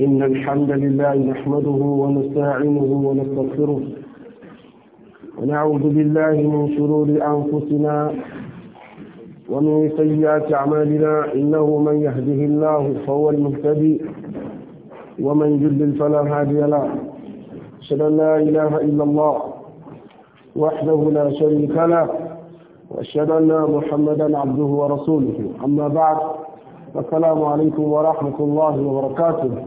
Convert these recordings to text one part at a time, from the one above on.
إن الحمد لله نحمده ونستعينه ونستغفره ونعوذ بالله من شرور أنفسنا ومن سيئات أعمالنا إنه من يهده الله فهو المهتدي ومن يضلل فلا هادي له أشهد أن لا إله إلا الله وحده لا شريك له وأشهد أن محمدا عبده ورسوله أما بعد السلام عليكم ورحمة الله وبركاته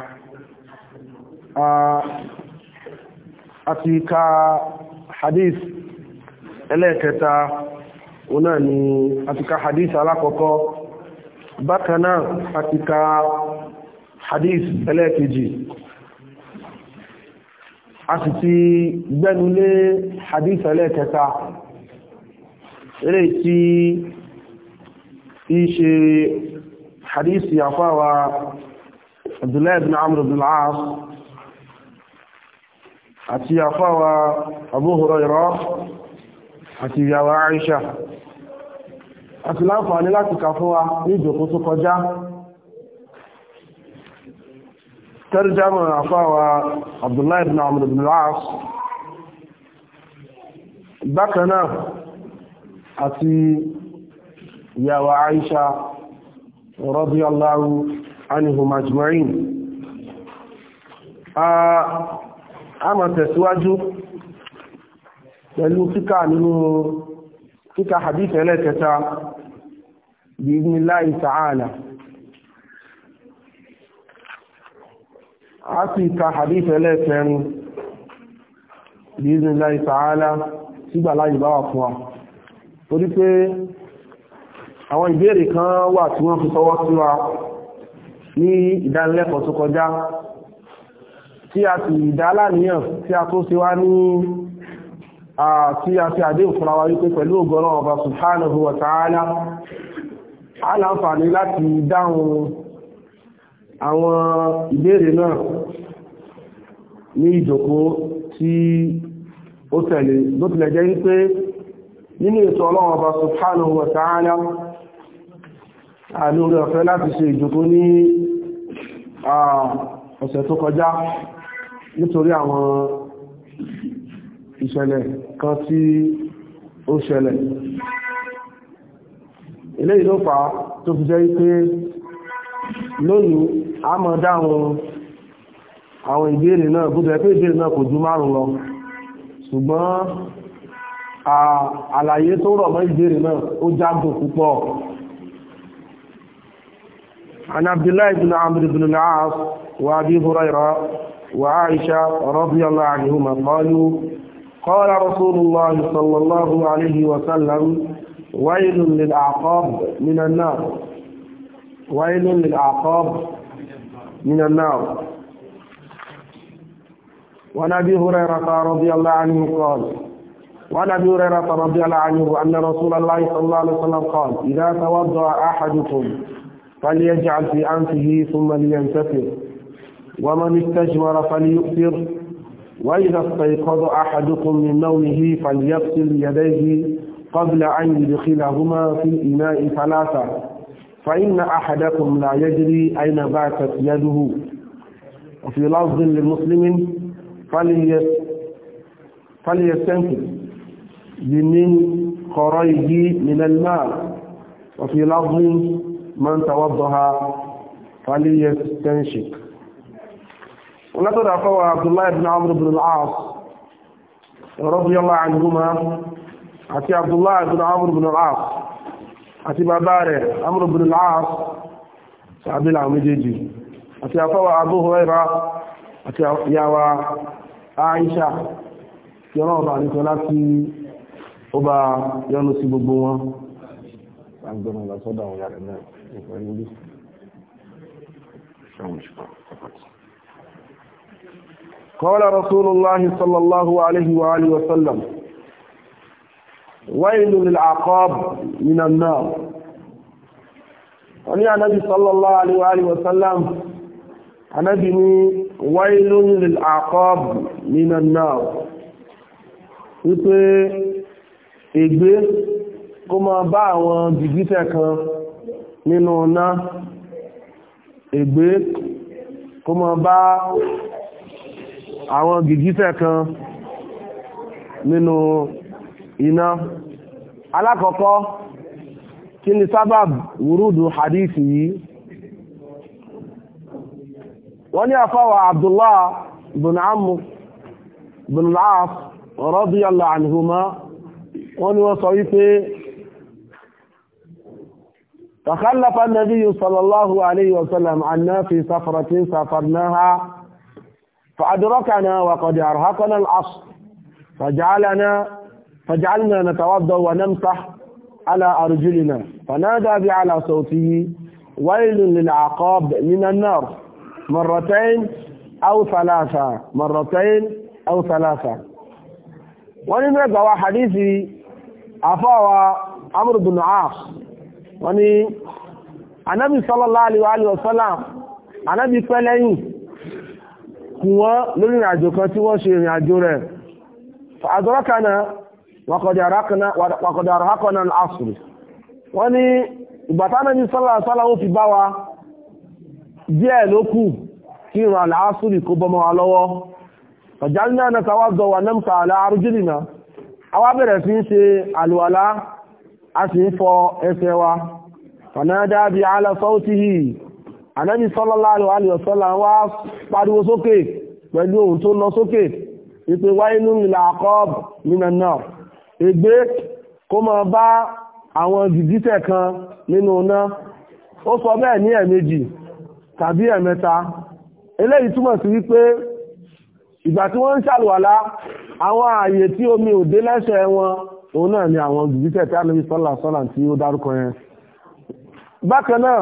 àti ka hadith ẹlẹ́ẹ̀kẹta ọ̀nà ni àti ka hadith alákọ̀ọ́kọ́ bákanáà àti ka hadith ẹlẹ́ẹ̀kejì a sì ti gbẹ́nulé hadith ẹlẹ́ẹ̀kẹta eré tí ṣe hadith yàfáwa Abdullahi ibn Amr ibn al àti àfáwà Abu Hurairah àti ìyàwó Aisha àti láǹfààní láti kà fún wa ní ìjòkó tó kọjá tarjama àfáwà Abdullahi ibn Amr ibn al-As bákanáà àti ìyàwó Aisha radiyallahu anhum ajma'in a máa tẹ̀síwájú pẹ̀lú kíkà nínú kíkà hadith ẹlẹ́kẹta bi'idhnillahi ta'ala a sì ka hadith ẹlẹ́kẹrin bi'idhnillahi ta'ala sígbà láyé bá wà fún wa torí pé àwọn ìbéèrè kan wà tí wọ́n fi sọwọ́ sí wa ní ìdánilẹ́kọ̀ọ́ tó kọjá tí a sì dáláníyàn tí a tó sí wá ní tí a fi àdé ìfúnra wa wípé pẹ̀lú ògbọ́nà ọba subhanahu wa ta'ala aláǹfààní láti dáhùn àwọn ìbéèrè náà ní ìjòkó tí ó tẹ̀lé bó tilẹ̀ jẹ́ wípé nínú ètò ọlọ́run ọba subhanahu wa ta'ala àlórí ọ̀fẹ́ láti ṣe ìjòkó ní ọ̀sẹ̀ tó kọjá nítorí àwọn ìṣẹ̀lẹ̀ kan tí ó ṣẹlẹ̀ eléyìí ló fà tó fi jẹ́ wípé lónìí a mọ̀ dáhùn àwọn ìbéèrè náà bó tẹ́ pé ìbéèrè náà kò ju márùn lọ ṣùgbọ́n àlàyé tó rọ̀ mọ́ ìbéèrè náà ó jágùn púpọ̀ عن عبد الله بن عمرو بن العاص وابي هريره وعائشة رضي الله عنهما قالوا قال رسول الله صلى الله عليه وسلم ويل للأعقاب من النار ويل للأعقاب من النار وعن أبي هريرة رضي الله عنه قال وعن أبي هريرة رضي الله عنه أن رسول الله صلى الله عليه وسلم قال إذا توضأ أحدكم فليجعل في أنفه ثم لينتفر ومن استجمر فليؤثر وإذا استيقظ أحدكم من نومه فليغسل يديه قبل أن يدخلهما في الإناء ثلاثة فإن أحدكم لا يدري أين باتت يده وفي لفظ لمسلم فليستنفذ بمن قريه من الماء وفي لفظ من توضها فليستنشق látọ̀dà fọwọ́ abdullahi ibn amr ibn al-as ya anhuma àti abdullahi ibn amr ibn al-as àti bàbá rẹ̀ amr ibn al-as sàbílà méjèèjì àti afọwọ́ abu hurairah àti yàwá aisha yọ́nà ọba àríkọ́ láti ó bá yọ́nà gbogbo wọn قال رسول الله صلى الله عليه وآله وسلم ويل للعقاب من النار وني النبي صلى الله عليه وآله وسلم النبي ويل للعقاب من النار wípé ègbé kó máa bá àwọn jìgítẹ̀ kan nínú ọ̀nà ègbé kó máa bá àwọn gìgísẹ̀ kan nínú iná alákọ̀ọ́kọ́ kí ni sábàb wùrúdù hadithi yìí wọ́n ní àfáwà Abdullah bin Amr bin Al-As radiyallahu anhuma wọ́n ní wọ́n sọ wípé تخلف النبي صلى الله عليه وسلم عنا في سفرة سافرناها فأدركنا وقد أرهقنا العصر فجعلنا فجعلنا نتوضأ ونمسح على أرجلنا فنادى بأعلى صوته ويل للعقاب من النار مرتين أو ثلاثة مرتين أو ثلاثة ولماذا هو حديثي أفاوى عمرو بن عاص وني النبي صلى الله عليه وآله وسلم النبي فلين kù wọ́n lórí ìrìnàjò kan tí wọ́n ṣe ìrìnàjò rẹ̀ àdọ́rọ́kànà wàkọ̀dà àrọ́kànà asùrì wọ́n ní ìgbàtánà ní sọ́làsọ́là ó fi bá wa díẹ̀ ló kù kí ìrìn àlàásùrì kó bọ́mọ ànábì sallallahu alaihi wasallam wá pariwo sókè pẹ̀lú ohun tó lọ sókè ìpè wailun lil aqab minan nar ègbé kó máa bá àwọn jìdísẹ̀ kan nínú iná ó sọ bẹ́ẹ̀ ní ẹ̀ẹ̀mejì tàbí ẹ̀ẹ̀mẹ́ta eléyìí túmọ̀ sí wípé ìgbà tí wọ́n ń ṣàlùwàlá àwọn ààyè tí omi ò dé lẹ́sẹ̀ wọn òun náà ni àwọn jìdísẹ̀ tí ànábì sallallahu alaihi tí ó dárúkọ yẹn bákan náà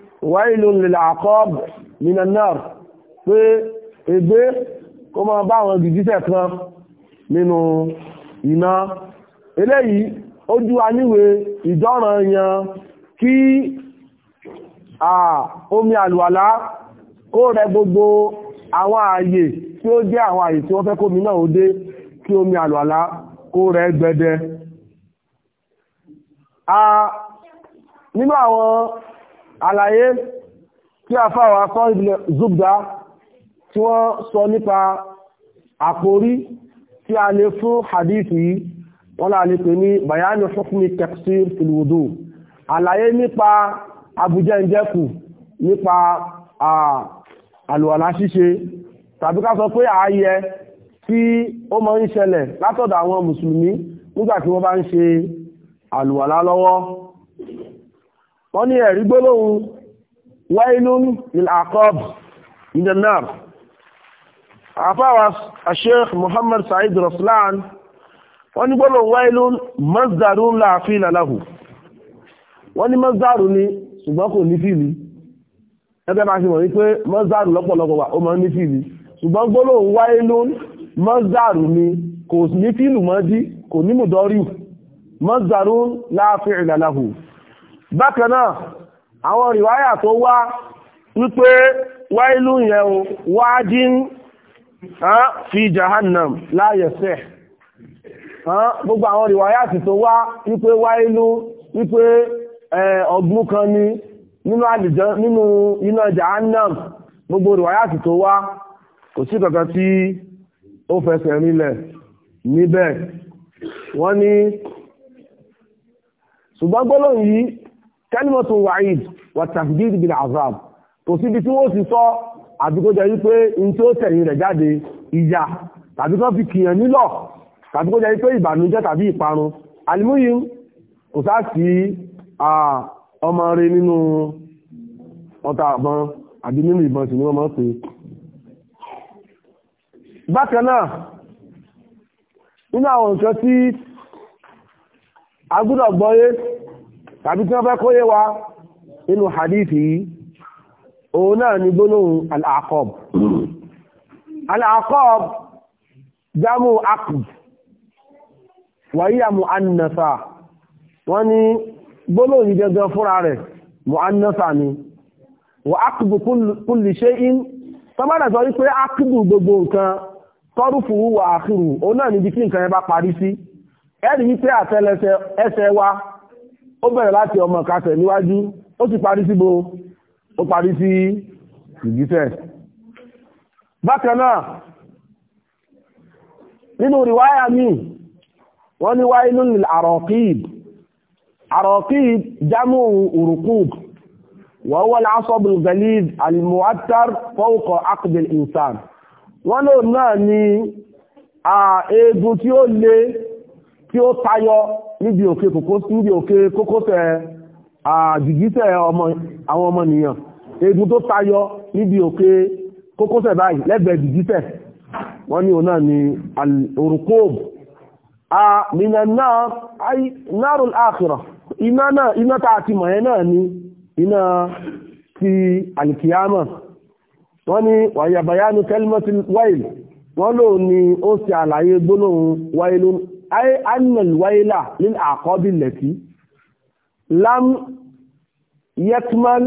wailun lil aqab minan nar pé ègbé kó máa bá àwọn gìgísẹ̀ kan nínú iná eléyìí ojú aníwé ìdọ́ràn yan kí omi àlùwàlá kó rẹ gbogbo àwọn ààyè tí ó jẹ́ àwọn ààyè tí wọ́n fẹ́ kómi náà ó dé kí omi àlùwàlá kó rẹ gbẹdẹ nínú àwọn àlàyé tí a fáwọn akọ́ ìbìlẹ̀ zubda tí wọ́n sọ nípa àkórí tí a lè fún hadith yìí wọ́n là lè pè ní bayani hukmi tafsir fil wudu àlàyé nípa abùjẹ ìjẹ́kù nípa àlùwàlá ṣíṣe tàbí ká sọ pé ààyè tí ó máa ń ṣẹlẹ̀ látọ̀dọ̀ àwọn mùsùlùmí nígbà tí wọ́n bá ń ṣe àlùwàlá lọ́wọ́ wọ́n ní ẹ̀rí gbólóhùn wailun lil aqab minan nar àfáwà sheikh muhammad sa'id raslan wọ́n ní gbólóhùn wailun mazdaru la fila lahu wọ́n ní mazdaru ni ṣùgbọ́n kò ní fìlì ẹgbẹ́ bá ṣe mọ̀ wípé mazdaru lọ́pọ̀lọpọ̀ wà ó máa ní fìlì ṣùgbọ́n gbólóhùn wailun mazdaru ni kò ní fìlù mọ́ dí kò ní mùdọ́rí mazdaru la fi'la bákan náà àwọn rìwáyà tó wá wípé wáìlú yẹn wájín fi jahannam láyẹ̀sẹ̀ gbogbo àwọn rìwáyà sì tó wá wípé wáìlú wípé ọgbún kan ni nínú àlìjọ nínú iná jahannam gbogbo rìwáyà sì tó wá kò sí kankan tí ó fẹsẹ̀ rinlẹ̀ níbẹ̀ wọ́n ní ṣùgbọ́n yìí kẹ́lìmọ̀tò wàhíd wà tàfídìdì bí azab kò síbi tí wọ́n sì sọ àbíkójẹ́ wípé in tí ó tẹ̀yìn rẹ̀ jáde ìyà tàbí kan fi kìyàn nílọ̀ tàbí kó jẹ́ wípé ìbànújẹ́ tàbí ìparun alimuyin kò sá sí ọmọ rẹ nínú ọta àbọn àbí nínú ìbọn sí ni wọ́n máa ń pè bákan náà nínú àwọn nǹkan tí a gbọ́dọ̀ gbọ́yé tàbí tí wọ́n fẹ́ kóyé wa nínú hadith yìí òun náà ni gbólóhùn al-aqab al-aqab jámù aqb wàyíyà mu'annasa wọ́n ní gbólóhùn yìí gẹ́gẹ́ fúnra rẹ̀ mu'annasa ni wà aqbu kulli shay'in tọ́bádà sọ wípé aqbu gbogbo nǹkan tọ́rùfù wà akhiru òun náà níbi kí nǹkan yẹn bá parí sí ẹ̀rí wípé àtẹ́lẹsẹ̀ ẹsẹ̀ wa ó bẹ̀rẹ̀ láti ọmọ kásẹ̀ níwájú ó sì parí síbo ó parí sí ìgbísẹ̀ bákan náà nínú rìwáyà mi wọ́n ní wáyé nínú àrọ̀kíb àrọ̀kíb jámù urukub wọ́n wọ́n lásọ́bùl galid alimuatar fọ́ọ̀kọ̀ akbil insan wọ́n náà ni eegun tí ó le tí ó tayọ níbi òkè kókósẹ̀ àjìgísẹ̀ àwọn nìyàn egun tó tayọ níbi òkè kókósẹ̀ báyìí lẹ́gbẹ̀ẹ́ jìgísẹ̀ wọ́n ní ọ̀nà ni al a minna nar ay narul iná náà iná tá a mọ̀ náà ni iná ti alkiyama wọ́n ní wàyàbàyánu kalimatul wail wọ́n lò ní ó ṣe àlàyé ayé annal wáyélà ní àkọ́bí lẹ́tí lam yetman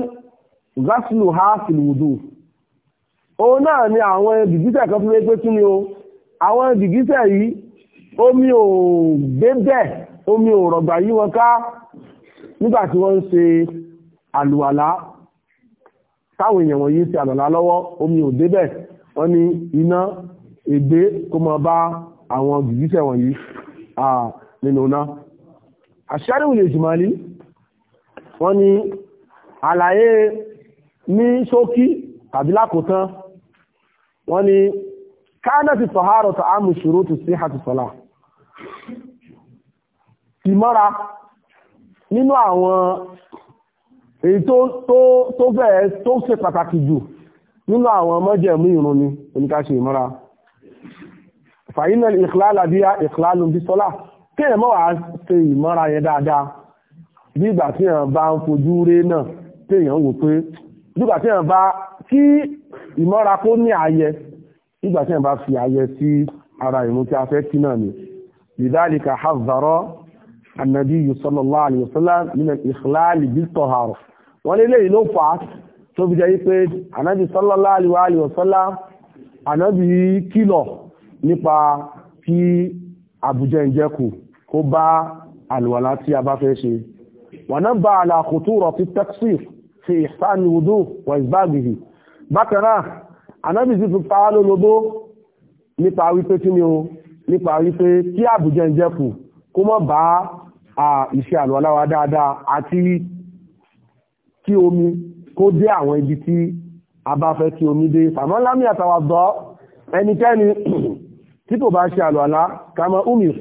gaslu ha filwudu òun náà ni àwọn gìgísẹ̀ kan fún pé kí ni o àwọn gìgísẹ̀ yìí omi ò gbé bẹ́ẹ̀ omi ò rọ̀gbà yí wọn ká nígbà tí wọ́n ń ṣe àlùwàlá táwọn èèyàn wọ̀nyí ṣe àlùwàlá lọ́wọ́ omi ò débẹ̀ wọ́n ní iná ègbé kó máa bá àwọn gìgísẹ̀ wọ̀nyí Ah, nínú náà àṣàrí ìlú ìjìmọ̀lì wọ́n ní àlàyé ní ṣókí tàbí lákòótán wọ́n ní káánà ti sọ̀hárọ̀ tó ámù ṣòro tó sí àti sọ̀lá ìmọ́ra nínú àwọn èyí tó fẹ́ tó ṣe pàtàkì jù nínú àwọn mọ́jẹ̀mú ìrun ni oníkáṣe ìmọ́ra fàyínà ìkìláàlà bí ìkìláàlù bí sọ́lá kí ẹ̀mọ́ wà ṣe ìmọ́ra yẹn dáadáa bí ìgbà tí èèyàn bá ń fojú ré náà tí èèyàn wò pé bí ìgbà tí èèyàn bá kí ìmọ́ra kó ní ààyè ìgbà tí èèyàn bá fi ààyè sí ara ìmú tí a fẹ́ kí náà ni lidhalika hazara an-nabiyyu sallallahu alayhi wa sallam min al-ikhlal bit nípa kí àbújá ìjẹ́kù kó bá àlùwàlá tí a bá fẹ́ ṣe wà náà bá àlàkùtù rọ̀ fi tẹ́ksìr fi ìsáni wùdó wà ìsbáàgbìhì bákan náà anábì sí fipá lólobó nípa wípé kí ni o nípa wípé kí àbújá ìjẹ́kù kó mọ́ bá ìṣe àlùwàlá wa dáadáa àti kí omi kó dé àwọn ibi tí a bá fẹ́ kí omi dé fàmọ́lámì àtàwàdọ́ ẹnikẹ́ni tí kò bá ṣe àlùwàlá kama umir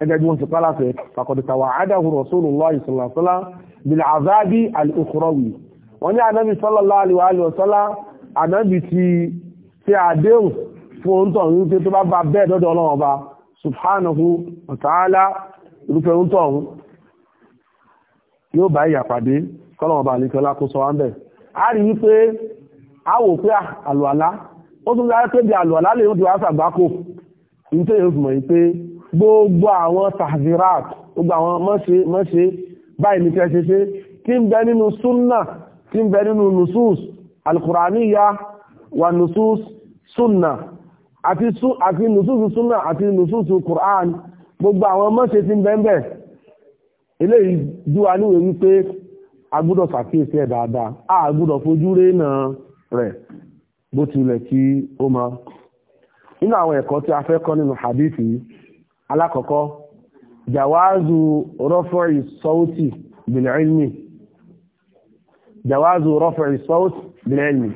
ẹgbẹ́ bí wọ́n ti pálásẹ̀ fàkọ̀dùtà wà ádáhù rasulullahi sallallahu alaihi wasallam bil azabi al-ukhrawi wọ́n ní anábì sallallahu alaihi wasallam anábì ti ṣe àdéhùn fún oúntọ̀ ń tó bá bá bẹ́ẹ̀ dọ́dọ̀ ọlọ́run ọba subhanahu wa irúfẹ́ oúntọ̀ ọ̀hún yóò bá ìyàpàdé kọ́lọ̀ ọba nítorí yóò fi mọ̀ pé gbogbo àwọn tahzirat gbogbo àwọn mọ́ṣe mọ́ṣe báyìí ní kẹ́ ṣe ṣe tí ń bẹ nínú súnnà tí ń bẹ nínú nusus alkùránìyà wà nusus súnnà àti nusus súnnà àti nusus kùrán gbogbo àwọn mọ́ṣe tí ń bẹ ń bẹ eléyìí júwa níwèé wípé a gbọ́dọ̀ nínú àwọn ẹ̀kọ́ tí a fẹ́ kọ́ nínú hadith yìí alákọ̀ọ́kọ́ jawazu rọ́fọ̀rì sọ́ọ̀tì bìlẹ̀ẹ́lì jawazu rọ́fọ̀rì sọ́ọ̀tì bìlẹ̀ẹ́lì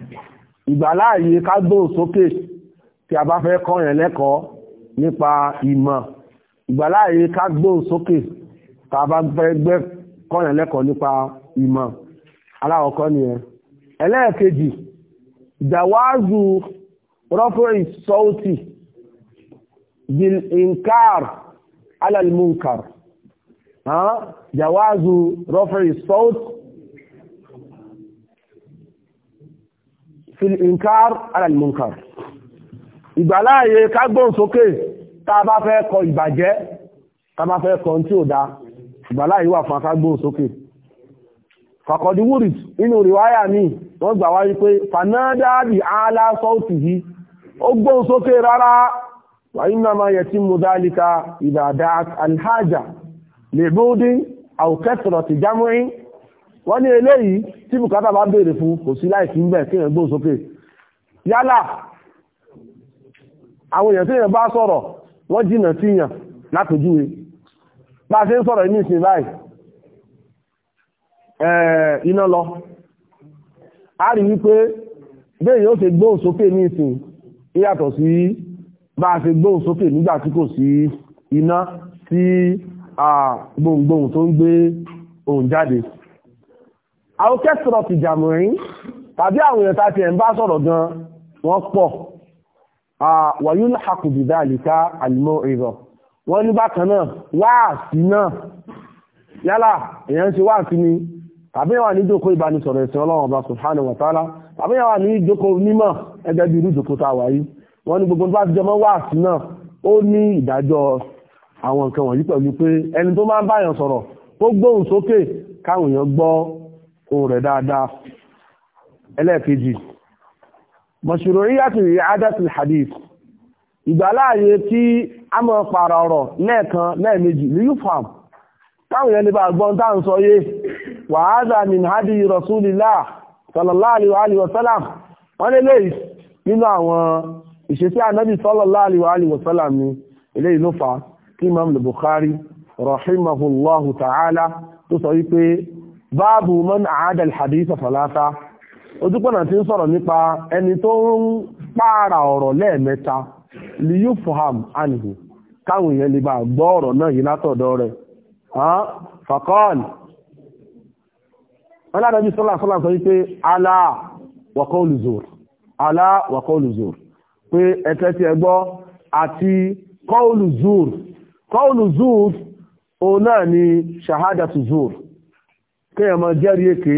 ìgbàláàyè ká gbóhùn sókè tí a bá fẹ́ kọ́ yẹn lẹ́kọ̀ọ́ nípa ìmọ̀ ìgbàláàyè ká gbóhùn sókè tá a bá fẹ́ gbẹ́ kọ́ yẹn lẹ́kọ̀ọ́ nípa ìmọ̀ alákọ̀ọ́kọ́ nìyẹn ẹlẹ́ẹ̀kejì jawazu رفع الصوت بالإنكار على المنكر ها جواز رفع الصوت في الإنكار على المنكر ìgbàláàyè ká gbóhùn sókè tá a bá fẹ́ kọ ìbàjẹ́ tá a bá fẹ́ kọ tí ó dá ìgbàláàyè wà fún ká gbóhùn sókè fàkọ̀dí wúrì inú rìwáyà ní wọ́n gbà wáyé pé fanádáàbì aláṣọ́ọ̀tì yìí O gbóhùn sókè rárá wà iná ma yẹ tí mo alhaja lè bóódín àwòkẹ́sọ̀rọ̀ ti jámúrín wọ́n ní eléyìí tí bùkátà bá béèrè fún kò sí láìsí ń bẹ̀ kí èèyàn gbóhùn sókè yálà àwọn èèyàn tí èèyàn bá sọ̀rọ̀ wọ́n jìnà síyàn látòjúwe bá ṣe ń sọ̀rọ̀ inú ìsìn báyìí eh, iná lọ a rí wípé bẹ́ẹ̀ yóò ṣe sókè ní ìsìn yàtọ̀ sí bá a ṣe gbóhùn sókè nígbà tí kò sí iná tí gbohùngbohùn tó ń gbé ohùn jáde àwọn kẹsìrọ̀ ti jàmùrín tàbí àwọn èèyàn tàbí ẹ̀ ń bá sọ̀rọ̀ gan wọ́n pọ̀ wàyún àkùbìdá àlìká àlìmọ́ ìrọ̀ wọ́n ní bákan náà wáàsí náà yálà èèyàn ń ṣe wáàsí ni tàbí wà ní ìjókòó ìbánisọ̀rọ̀ ẹ̀sìn ọlọ́run ọba subhanahu wa ta'ala àbíyàn wà ní ìjókòó mímọ̀ ẹgbẹ́ bí irú ìjókòó tá a wà yìí wọ́n ní gbogbo bá ti jọmọ́ wà sí náà ó ní ìdájọ́ àwọn nǹkan wọ̀nyí pẹ̀lú pé ẹni tó máa ń báyàn sọ̀rọ̀ tó gbóhùn sókè káwọn èèyàn gbọ́ ohùn rẹ̀ dáadáa ẹlẹ́ẹ̀kejì mọ̀ṣúrò rí yàtì rí adẹ́tì hadith ìgbàláàyè tí a mọ̀ pààrà ọ̀rọ̀ lẹ́ẹ̀kan lẹ́ẹ̀mejì ní ufam táwọn èèyàn lè bá gbọ́n táà ń sọ yé wàhálà min hadi rasulillah sallallahu alaihi wa sallam wọ́n lé léyìí nínú àwọn ìṣesí ànábì sallallahu alaihi wa sallam ni eléyìí ló fà kí imam al-bukhari rahimahullahu ta'ala tó sọ wípé báàbù man àádà al-hadith falata ojúpọ̀nà tí ń sọ̀rọ̀ nípa ẹni tó ń pààrà ọ̀rọ̀ lẹ́ẹ̀mẹ́ta liyu faham anhu káwọn èèyàn lè bá gbọ́ ọ̀rọ̀ náà yìí látọ̀dọ̀ rẹ̀ aláàrẹ́bí sọ́làsọ́là sọ wípé aláà wọ̀kọ́ olùzòr aláà wọ̀kọ́ olùzòr pé ẹ̀tẹ́ ti ẹgbọ́ àti kọ́ olùzòr kọ́ olùzòr òun náà ni ṣàhádàtù zòr kéèyàn máa jẹ́rí èké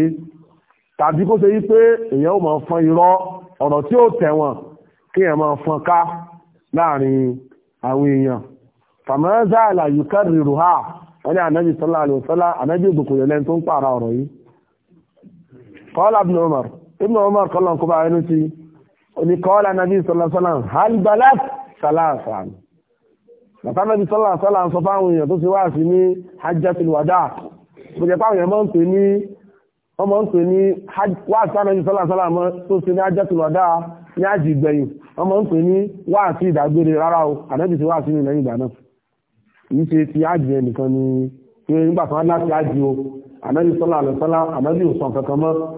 tàbí kó ṣe wípé èèyàn ó máa fọn irọ́ ọ̀rọ̀ tí ó tẹ̀wọ̀n kéèyàn máa fọn ká láàrin àwọn èèyàn fàmọ́ńzà àlàyé kẹrìnrún ha wọ́n ní ànábì sọ́lá àlùsọ́lá ànábì ògbòkòyọ̀lẹ́ni tó ń pààrà ọ̀rọ̀ yìí قال ابن عمر ابن عمر قال لهم كبا عينتي قال النبي صلى الله عليه وسلم هل بلغت ثلاثا bàtà nàbí sọ́là sọ́là ń sọ fáwọn èèyàn tó ti wá sí ní hajjatul wada ń pè ní wáàsí tó ní ní o wáàsí ní lẹ́yìn ìgbà náà kìí ṣe ni pé nígbà kan láti àjì o sọ́là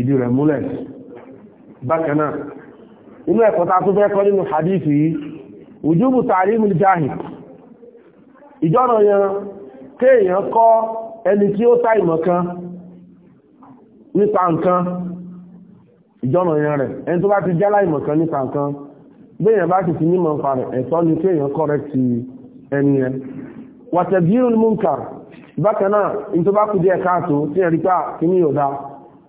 ìdí rẹ̀ múlẹ̀ bákan náà inú ẹ̀kọ́ ta tó fẹ́ kọ́ nínú hadithi yìí ojúbù tààrí mú jáhì ìjọ́nà yan kéèyàn kọ́ ẹni tí ó tá ìmọ̀ kan nípa nǹkan ìjọ́nà yan rẹ̀ ẹni tó bá ti jálá ìmọ̀ kan nípa nǹkan béèyàn bá ti ti nímọ̀ nǹkan rẹ̀ ẹ̀tọ́ ni kéèyàn kọ́ rẹ̀ ti ẹni yẹn wàtẹ̀bírùn bákan náà ní tó bá kù díẹ̀ káàtó tí ẹ̀rí pà ah, kí ní yóò dáa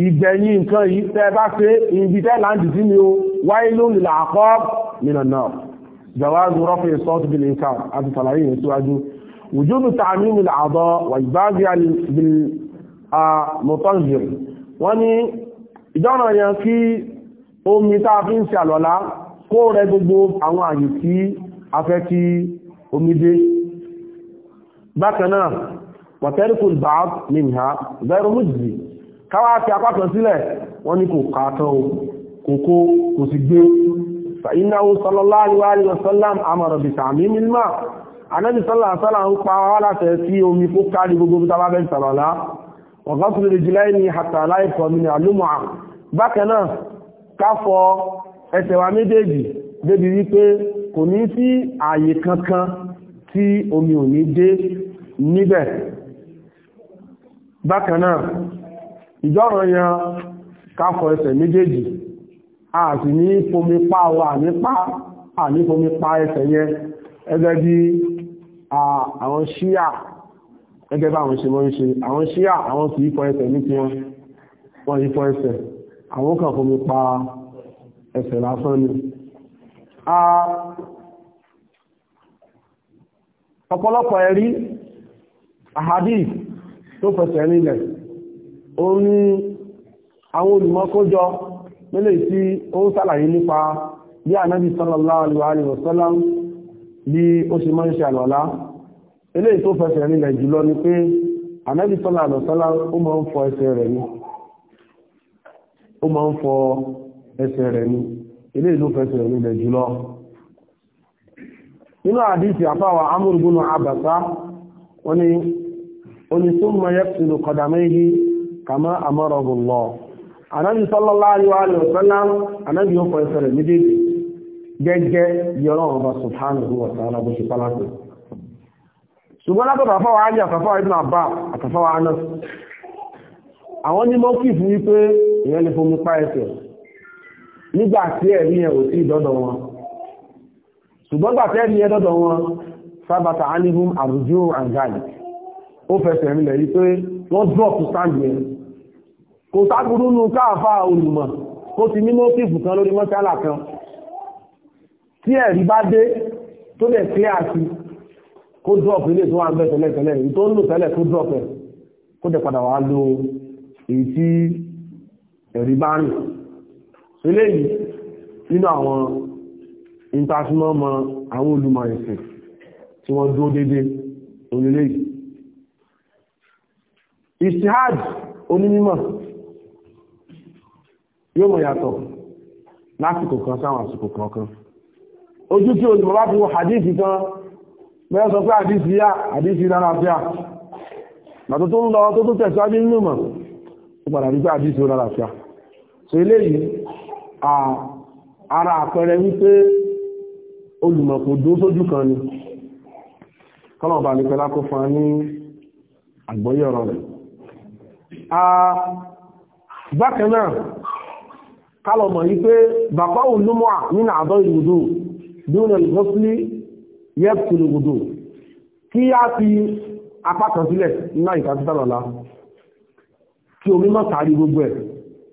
ìgbẹ̀yìn nǹkan yìí tẹ́ bá pé ibi tẹ́láńdì sí ni ó wáyé lónìí làkọ́ mìíràn náà jawazu rafi sọ́ọ̀tù bil inkar àti sàlàyé yẹn síwájú wujubu ta'mim al a'dha wà ìgbàgbé bil mutahhir wọ́n ní ìjọ́nà yẹn kí omi tá a fi ń káwàá fi apákan sílẹ̀ wọ́n ní kò kàtọ́ kòkó kò sì gbé fàínáwó sọlọ́lá àríwárí ọ̀sọ́lám àmọ̀rọ̀ bìtàmí mímọ̀ anábì sọ́lá sọ́lá ń pa wá láti sí omi kó kárí gbogbo bí tábà bẹ́ẹ̀ sọ̀rọ̀lá ọ̀gá tó lè jìlá ní àtàlá ìfọ̀ mi ní àlúmọ̀ bákan náà káfọ ẹsẹ̀ ìjọ́ràn yan káfọ ẹsẹ̀ méjèèjì a sì ní fomi pa wa nípa àní fomi pa ẹsẹ̀ yẹn gẹ́gẹ́ bí àwọn ṣíà gẹ́gẹ́ bá àwọn ṣe mọ́ ń ṣe àwọn ṣíà àwọn kì í fọ ẹsẹ̀ ní tiwọn wọ́n yí fọ ẹsẹ̀ àwọn kan fomi pa ẹsẹ̀ lásán ni ọ̀pọ̀lọpọ̀ ẹ̀rí àhádì tó fẹsẹ̀ nílẹ̀ òun ni àwọn olùmọ́kójọ nílé tí ó ń sàlàyé nípa bí ànábì sallallahu alaihi wasallam bí ó ṣe máa ń ṣe àlọ́lá eléyìí tó fẹsẹ̀ nílẹ̀ jùlọ ni pé ànábì sallallahu alaihi wasallam ó máa ń fọ ẹsẹ̀ rẹ̀ ni ó máa ń fọ ẹsẹ̀ rẹ̀ ni eléyìí ló fẹsẹ̀ nílẹ̀ jùlọ nínú àdísì àfáwà amúrúgbónú àbàtà wọ́n ni onísùnmọ̀ yẹ́ kama àmọ́rọ̀gùn lọ sallallahu alaihi wa sallam anábì ó fọyín sọ̀rọ̀ méjèèjì gẹ́gẹ́ bí ọba subhanahu wa ta'ala bó ṣe pálákò ṣùgbọ́n látọ̀tọ̀ àfáwà ájì àtàfáwà ibn abba àtàfáwà anas àwọn ní mọ́kì fún wípé ìyẹn lè fomi pa ẹsẹ̀ nígbà tí ò sí ìdọ́dọ̀ wọn ṣùgbọ́n gbà tí dọ́dọ̀ wọn sábàtà anihum àrùjú ó fẹsẹ̀ rinlẹ̀ yí pé wọ́n drop stand yẹn kò sáàbùrú nù káàfà olùmọ̀ ó ti ní mọ́tífù kan lórí mọ́sálà kan tí ẹ̀rí bá dé tó lè clear sí kó drop ilé tó wà ń bẹ́ tẹ́lẹ̀tẹ́lẹ̀ èyí tó ń lò tẹ́lẹ̀ kó drop ẹ̀ kó dẹ̀ padà wá lo èyí tí ẹ̀rí bá rìn eléyìí nínú àwọn international mọ àwọn olùmọ̀ ẹ̀sìn tí wọ́n dúró déédéé orílẹ̀ ìṣíhàd onímọ̀ yóò mọ̀ yàtọ̀ lásìkò kan sáwọn àsìkò kọ̀ọ̀kan ojú tí olùmọ̀ bá ti wọ hadith kan mẹ́rin sọ pé hadith yá hadith rárá bí a màtó tó ń lọ tó tó tẹ̀síwájú nínú mọ̀ ó padà rí pé hadith rárá bí a so eléyìí ara àpẹẹrẹ wípé olùmọ̀ kò dó sójú kan ni kọ́lọ̀ bá ní pẹ́lá kó fún wa ní àgbọ́yé ọ̀rọ̀ rẹ̀ bákan náà kálọ̀mọ̀ yí pé bàbá olúmọ̀ nínú àdọ́ ìlúdó dúnà ìgbọ́sílé yẹ́pùtùlù gbogbo kí á fi apá kan sílẹ̀ nínú ìta títà lọ́la kí omi mọ́ sàárì gbogbo ẹ̀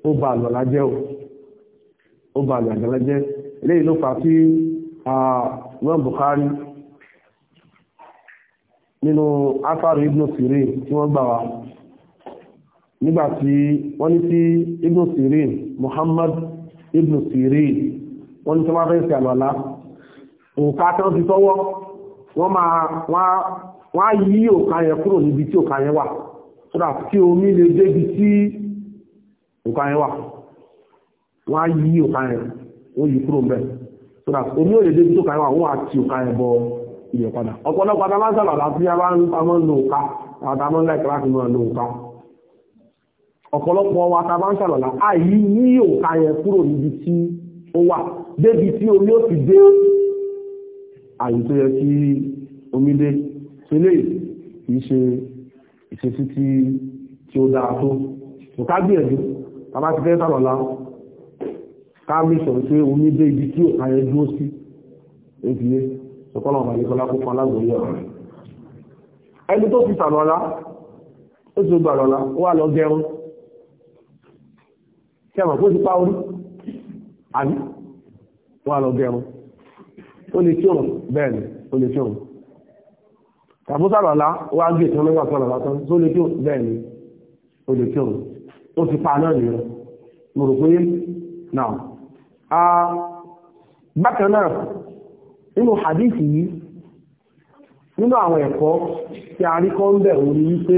ó bà lọ́la jẹ́ o ó bà lọ́la jẹ́ eléyìí ló fà sí wọ́n Bukhari nínú afárò Ibn Sirin tí wọ́n gbà wá nígbàtí wọ́n ní tí ibn sirin muhammad ibn sirin wọ́n ní tí wọ́n fẹ́ sí àlọ́lá òǹkà tí ti tọ́wọ́ wọ́n máa wọ́n yí òǹkà yẹn kúrò níbi tí òǹkà yẹn wà sódà tí omi lè débi tí òǹkà yẹn wà wọ́n á yí òǹkà yẹn wọ́n yí kúrò mbẹ́ omi ò lè débi tí òǹkà yẹn wà wọ́n á ti òǹkà yẹn bọ ilẹ̀ padà ọ̀pọ̀lọpọ̀ àti nù òǹkà àtàmọ́ láìpẹ́ láti nù ọ̀pọ̀lọpọ̀ wa ta bá ń ṣàlọ̀lá àyí ní òǹkà yẹn kúrò níbi tí ó wà débi tí omi ó fi dé àyí tó yẹ kí omi dé sílé kìí ṣe ìṣesí tí tí ó dára tó kò ká gbìyànjú ta bá ti fẹ́ ṣàlọ̀lá sọ̀rọ̀ pé omi dé ibi tí òǹkà yẹn dúró sí èdìyẹ ṣọ̀kọ́lọ̀ ẹni tó fi ṣàlọ̀lá ó ti gbàlọ̀lá wà lọ gẹrun kẹmọ̀ kó ti pa orí àbí wọ́n lọ gẹrun ó lè kírun bẹ́ẹ̀ ni ó lè kírun tàbúsàlọ́lá wá gbé tán lọ́wọ́ àtọ́lọ́lá tán tó lè kírun bẹ́ẹ̀ ni ó lè kírun ó ti pa náà nìyẹn mo rò pé náà a bákan náà nínú hadith yìí nínú àwọn ẹ̀kọ́ tí a rí kọ́ ń bẹ̀ òun ni wípé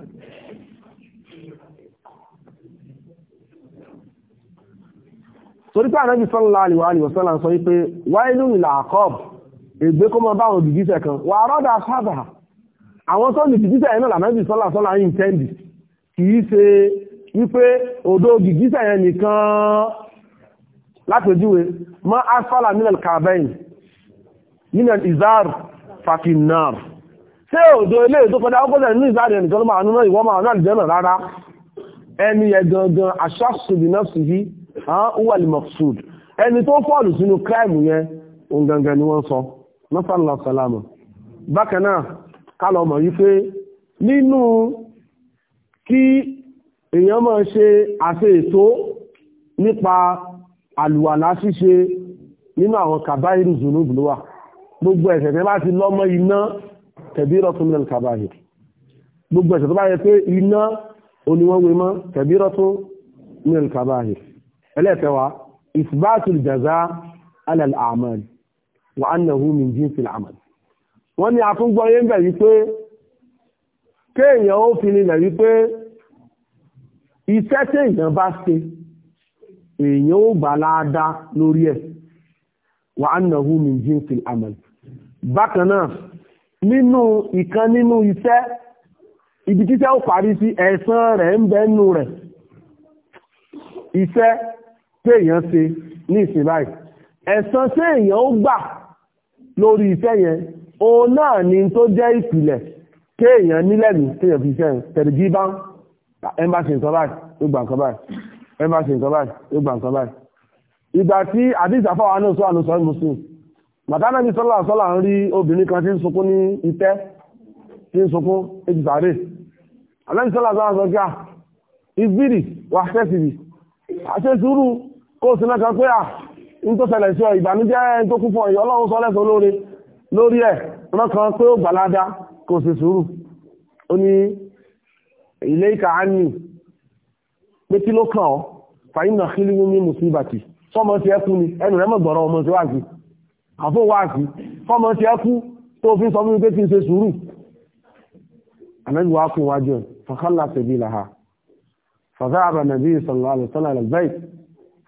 torí pé ànábì sallallahu alaihi wa sallam sọ wípé wáìlú ìlà àkọ́b ègbé kó mọ báwọn òbìgísẹ̀ kan wà rọ́dà sábà àwọn tó ní òbìgísẹ̀ yẹn náà lànàbì sallallahu sallam yìí tẹ́ndì kì í ṣe wípé òdo òbìgísẹ̀ yẹn nìkan látòjúwe mọ́ asfala minal kàbẹ́yìn minal izar fakinar ṣé òdo ilé ètò kọjá ó kọjá nínú ìzar yẹn nìkan ló máa nínú ìwọ́n máa náà jẹ́ náà rárá ẹni yẹn gangan aṣáṣubì náà sì yìí huwa al-maqsud ẹni tó fọ́ọ̀lù sínú crime yẹn òun gangan ni wọ́n sọ mọ́sálà sàlámù bákan náà kálọ̀ mọ̀ wípé nínú kí èèyàn máa ṣe àṣẹ ètò nípa àlùwàlá ṣíṣe nínú àwọn kàbáyìrì zùnúbù ló wà gbogbo ẹ̀ṣẹ̀ tẹ́ bá ti lọ́mọ iná tẹ̀bí rọ́tún minal kàbáyìrì gbogbo ẹ̀ṣẹ̀ tó bá yẹ pé iná oníwọ́nwé mọ́ tẹ̀bí rọ́tún minal ẹlẹ́ẹ̀kẹwàá isbatul jaza alal amal wa annahu min jinsil amal wọ́n ní àtúngbọ́yé ń bẹ̀ wípé kéèyàn ó fi nílẹ̀ wípé iṣẹ́ téèyàn bá ṣe èèyàn ó gbà láadá lórí ẹ̀ wa annahu min jinsil amal bákan náà nínú ìkan nínú iṣẹ́ ibi títẹ́ ó parí sí ẹ̀san rẹ̀ ń bẹ́nu rẹ̀ iṣẹ́ téèyàn ṣe ní ìsìn báyìí ẹ̀san téèyàn ó gbà lórí iṣẹ́ yẹn òun náà ni tó jẹ́ ìpìlẹ̀ téèyàn nílẹ̀ ní téèyàn fi iṣẹ́ yẹn tẹ̀lé bí bá ẹmbàṣì nǹkan báyìí ó gbà nǹkan báyìí ẹmbàṣì nǹkan báyìí ó gbà nǹkan báyìí ìgbà tí àdìs àfọwọ́ náà sọ àlùsọ muslim màtánà bíi sọlá sọlá ń rí obìnrin kan tí ń sunkún ní itẹ́ tí ń sunkún ètò sàárè àlẹ́ sọlá sọlá sọ kí a ah, ìgbìrì wà sẹ́sìrì àṣẹ sùúrù kó o sì náà kan pé à ah, ń tó ṣẹlẹ̀ sí ọ ìbànújẹ́ tó kún fún ọ̀yọ́ ọlọ́run sọ lẹ́sọ̀ lóore lórí ẹ̀ rán kan pé ó gbàládá kò sì sùúrù ó ní ilé ìka ánì pé kí ló kàn ọ́ fàyínà kílíwú ní mùsíbàtì sọmọ ti ẹkú ni ẹnu rẹ mọ̀ gbọ̀rọ̀ ọmọ ti wáàsí àfún wáàsí fọmọ ti ẹkú tó fi sọ fún mi pé kí n ṣe sùúrù ànábì wá kún wájú ẹ̀ fàkàlà tẹ̀bí làhà fàzáàbà nàbí sallallahu alaihi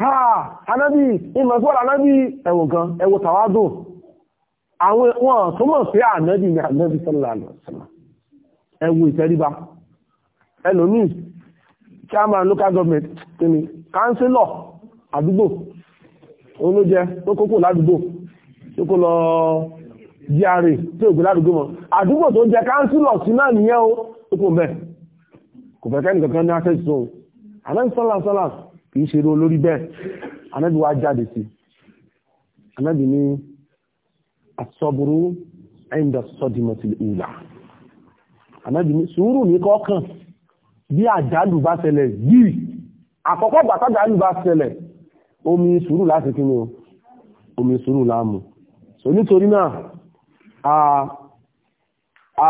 ha anábì ìmọ̀sọ́rọ̀ anábì ẹ̀wọ̀n kan ẹwọ tàwádùn àwọn wọn tó mọ̀ pé ànábì ní ànábì sallallahu alaihi wasallam ẹwọ ìtẹríba ẹlòmíì chairman local government kìíní kánsílọ̀ àdúgbò olójẹ tó kókò ládùúgbò tó kó lọ gra tó ògbé ládùúgbò mọ̀ àdúgbò tó jẹ kánsílọ̀ sí náà nìyẹn o tó kò mẹ́ kò fẹ́ kẹ́nìkankan ní access zone ànábì sallallahu alaihi wasallam kìí ṣe ro lórí bẹ́ẹ̀ anábì wá jáde sí anábì ní asọ́burú ẹ̀ńdà sọ́dìmọ̀tìlì ìlà anábì ní sùúrù ní kọ́kàn bí àjálù bá ṣẹlẹ̀ yìí àkọ́kọ́ gbà tájálù bá ṣẹlẹ̀ omi sùúrù láti kí o omi sùúrù láàmù so nítorí náà a a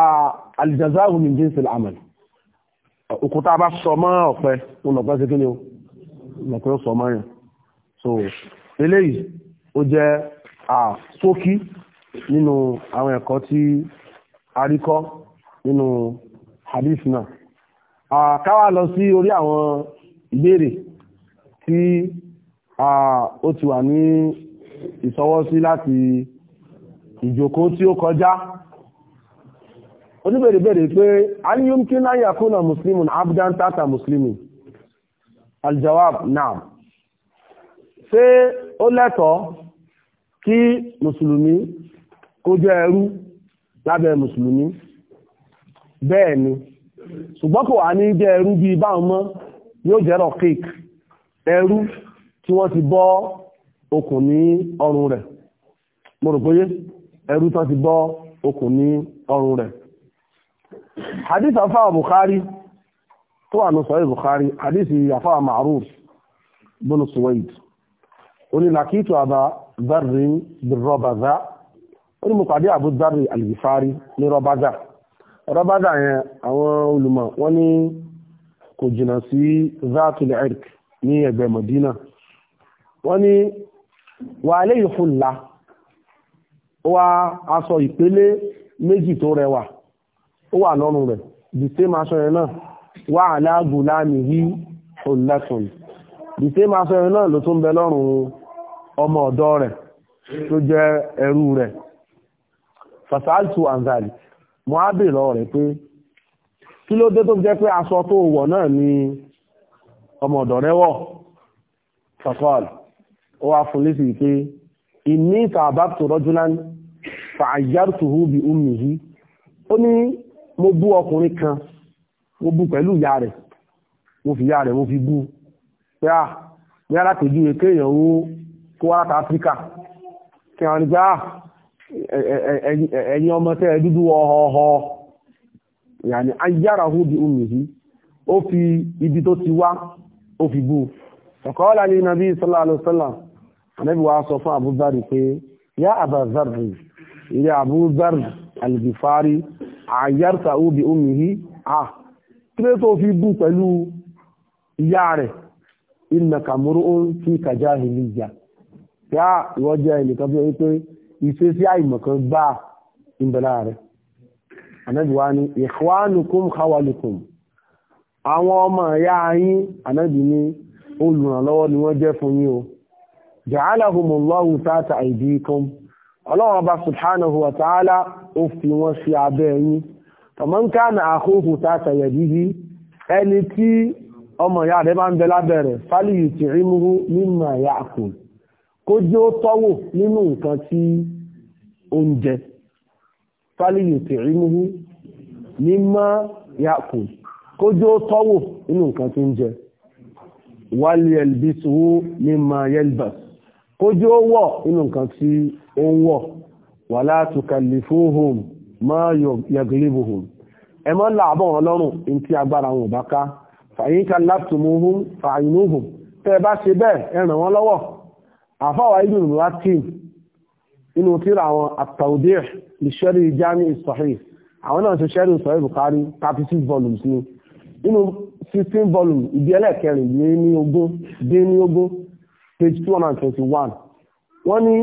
alìjàzáhùn min jinsil amal òkúta bá sọ mọ́ ọ̀pẹ òun ọ̀pẹ́ o lọ́pẹ́ sọ mọ́yàn so eléyìí ó jẹ́ àsókí nínú àwọn ẹ̀kọ́ tí a rí kọ́ nínú hadith náà àkáwà lọ sí orí àwọn ìbéèrè tí ó ti wà ní ìsọwọ́sí láti ìjókòó tí ó kọjá oníbèrèbèrè pé aliyum kí náà yàkúnà muslimun abdan tata muslimin aljawab naam ṣé ó lẹ́tọ̀ọ́ kí mùsùlùmí kó jẹ́ ẹrú lábẹ́ mùsùlùmí bẹ́ẹ̀ ni ṣùgbọ́n kò wà ní jẹ́ ẹrú bíi báwọn mọ́ yóò jẹ́ rọ̀kík ẹrú tí wọ́n ti bọ́ okùn ní ọrùn rẹ̀ mo rò pé ẹrú tán ti bọ́ okùn ní ọrùn rẹ̀ hadith afa Bukhari tó wà ní sọ̀rọ̀ Bukhari hadisi àfáà Ma'ruf bin Suwaid ó ní lakitu àbá zarrin bin rọ́bàzá ó ní mo pàdé Abu Zarri al-Ghifari ní rọ́bàzá rọ́bàzá yẹn àwọn olùmọ̀ wọ́n ní kò jìnnà sí zatul irk ní ẹgbẹ́ Madina wọ́n ní wà aléyìí fúnla wá aṣọ ìpele méjì tó rẹwà ó wà lọ́rùn rẹ̀ the same aṣọ yẹn náà wà aláàgùnláàmì rí ọ̀lẹ́tùn ìṣe máa sọ ẹ̀rin náà ló tún bẹ lọ́rùn ọmọ ọ̀dọ́ rẹ̀ tó jẹ́ ẹrú rẹ̀ fasaltu anzali mo á bèèrè lọ́wọ́ rẹ̀ pé kí ló dé tó jẹ́ pé aṣọ tó wọ̀ náà ni ọmọ ọ̀dọ̀ rẹ̀ wọ̀ fakọ́l ó wá fún lésì pé ìní ìtàbàtò rọ́júlán fàájárùtùhù bí ó ó ní mo bú ọkùnrin kan mo bú pẹ̀lú ìyá rẹ̀ mo fi ìyá rẹ̀ mo fi bú pé à ah, ní alákòójú rẹ̀ kéèyàn ó kó wá láti áfíríkà kí wọ́n ní pé à ah, ẹ̀yin ọmọ tẹ́ ẹ dúdú ọ̀họ̀ọ̀họ̀ yàní ayára hù di omi yìí ó fi ibi tó ti wá ó fi bú ọ̀kọ́ọ́lá ní nàbí sallallahu alaihi ànábì wa sọ fún abúzárì pé yá àbàzárì ilé abúzárì alìgbìfárí àyárta hù di omi yìí ah kí ló tó fi bú pẹ̀lú ìyá rẹ̀ ìnà kàmúrú ó ń fi kàjá ìlú ìjà yá ìwọ jẹ́ ẹnìkan fi wípé ìṣesí àìmọ̀kan gbá ìbẹ̀lá rẹ̀ ànábì wa ni ikhwanukum khawalukum àwọn ọmọ ìyá yín ànábì ni olùrànlọ́wọ́ ni wọ́n jẹ́ fún yín o ja'alahumullahu ta'ata ọlọ́run ọba subhanahu wa ta'ala ó fi wọ́n sí abẹ́ yín ọmọ ń ká na àkókò tààtà yẹ̀dìdì ẹni tí ọmọ ìyá rẹ̀ bá ń bẹ lábẹ́rẹ̀ fálìyì tí rímúrú nínú àyà àkò kó jẹ́ ó tọ́wò nínú nǹkan tí oúnjẹ fálìyì tí rímúrú nínú àyà àkò kó jẹ́ ó tọ́wò nínú nǹkan tí ń jẹ wálé ẹlbísùwó nínú yẹlbà kó jẹ́ ó wọ̀ nínú nǹkan tí ó ń wọ̀ wàlá tukallifuhum ma yaglibuhum ẹ mọ́ làbọ̀ wọn lọ́rùn in tí agbára wọn bá ká fàyín ká láftumuhum fàyínúhùn tẹ́ bá ṣe bẹ́ẹ̀ ẹ ràn wọ́n lọ́wọ́ àfáwà ibùn wa tíìm inú tíra àwọn àtàwùdíẹ̀ lìṣẹ́rì jámi sahih àwọn náà ṣe ṣẹ́rì sahih Bukhari thirty six volumes ni inú sixteen volume ìdí ẹlẹ́kẹrin dín ní ogún dín ní ogún page two hundred and twenty one wọ́n ní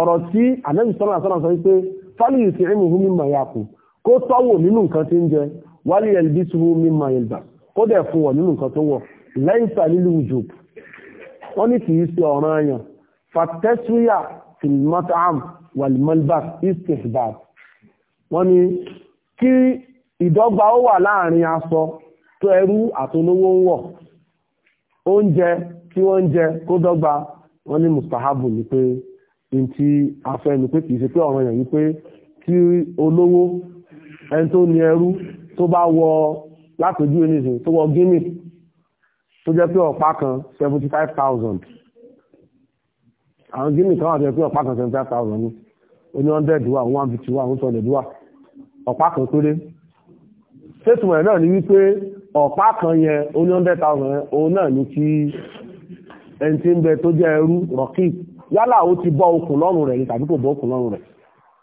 ọ̀rọ̀ tí ànábì sọ́nà sọ́nà sọ wípé fálì ìsìnrìnmù mímọ yakù kó nínú nǹkan tí ń jẹ wálé ẹlbí túwú mímọ ìgbà kó dẹ̀ fún wọ̀ nínú nǹkan tó wọ̀ lẹ́yìn sàlílù jù wọ́n ní kìí ṣe ọ̀ràn àyàn fatẹ́síríà fìlmọ́tàm wàlmọ́lbà istihbab wọ́n ní kí ìdọ́gba ó wà láàrin aṣọ tó ẹrú àtolówó ń wọ̀ oúnjẹ tí wọ́n ń jẹ kó dọ́gba wọ́n ní mustahabu ntí afẹ́ni pé kìí ṣe pé ọ̀rọ̀ yẹn wípé tí olówó ẹni tó ní ẹrú tó bá wọ látòjú oníṣẹ́ tó wọ gímì tó jẹ́ pé ọ̀pá kan seventy five thousand àwọn gímì kan wà tó jẹ́ pé ọ̀pá kan seventy five thousand ní oní hundred wà one fifty wà one hundred wà ọ̀pá kan péré ṣètùmọ̀ ẹ̀ náà ni wípé ọ̀pá kan yẹn oní hundred thousand yẹn òun náà ní kí ẹni tí ń bẹ tó jẹ́ ẹrú rọ̀kì yálà ó ti bọ́ okùn lọ́rùn rẹ̀ ni tàbí kò bọ́ okùn lọ́rùn rẹ̀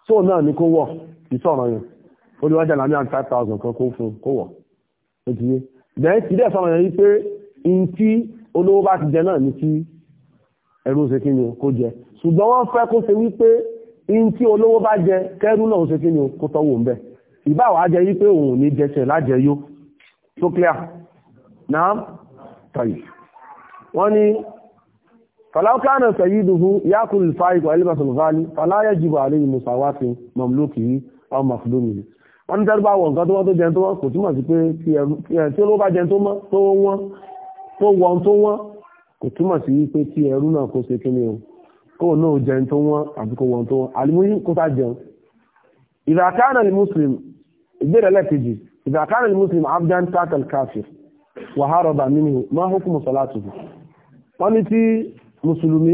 so náà ni kó wọ̀ ìsọ̀rọ̀ yẹn ó ní wọ́n jà lámì àti five thousand kan kó fún kó wọ̀ ó ti yé bẹ́ẹ̀ ti dẹ̀ sọ̀rọ̀ yẹn wípé n tí olówó bá ti jẹ náà ni kí ẹrú ṣe kí ni kó jẹ ṣùgbọ́n wọ́n fẹ́ kó ṣe wípé n tí olówó bá jẹ kẹrú náà ṣe kí ni kó tọ́wọ́ ń bẹ̀ ìbá wàá jẹ wípé òun ní jẹsẹ̀ wọ́n ní فلو كان سيده يأكل الفائق ويلبس الغالي فلا يجب عليه مساواة مملوكه أو مخدومه wọ́n tẹ́rù bá wọ̀ nǹkan tó wọ́n tó jẹun tó wọ́n kò túmọ̀ sí pé tí ó ló bá jẹun tó wọ́n tó wọ́n tó wọ́n kò túmọ̀ sí pé tí ẹrú náà kó ṣe kíni o kó o náà jẹun tó wọ́n àbí kó wọ́n tó wọ́n àlùmúyí kó sá jẹun. ìdàkánà ni muslim ìgbéra lẹ́ẹ̀kejì ìdàkánà ni muslim afghan tatal kafir wàhálà bàmínú máa hókùn mọ̀sálà tuntun. wọ́n ní mùsùlùmí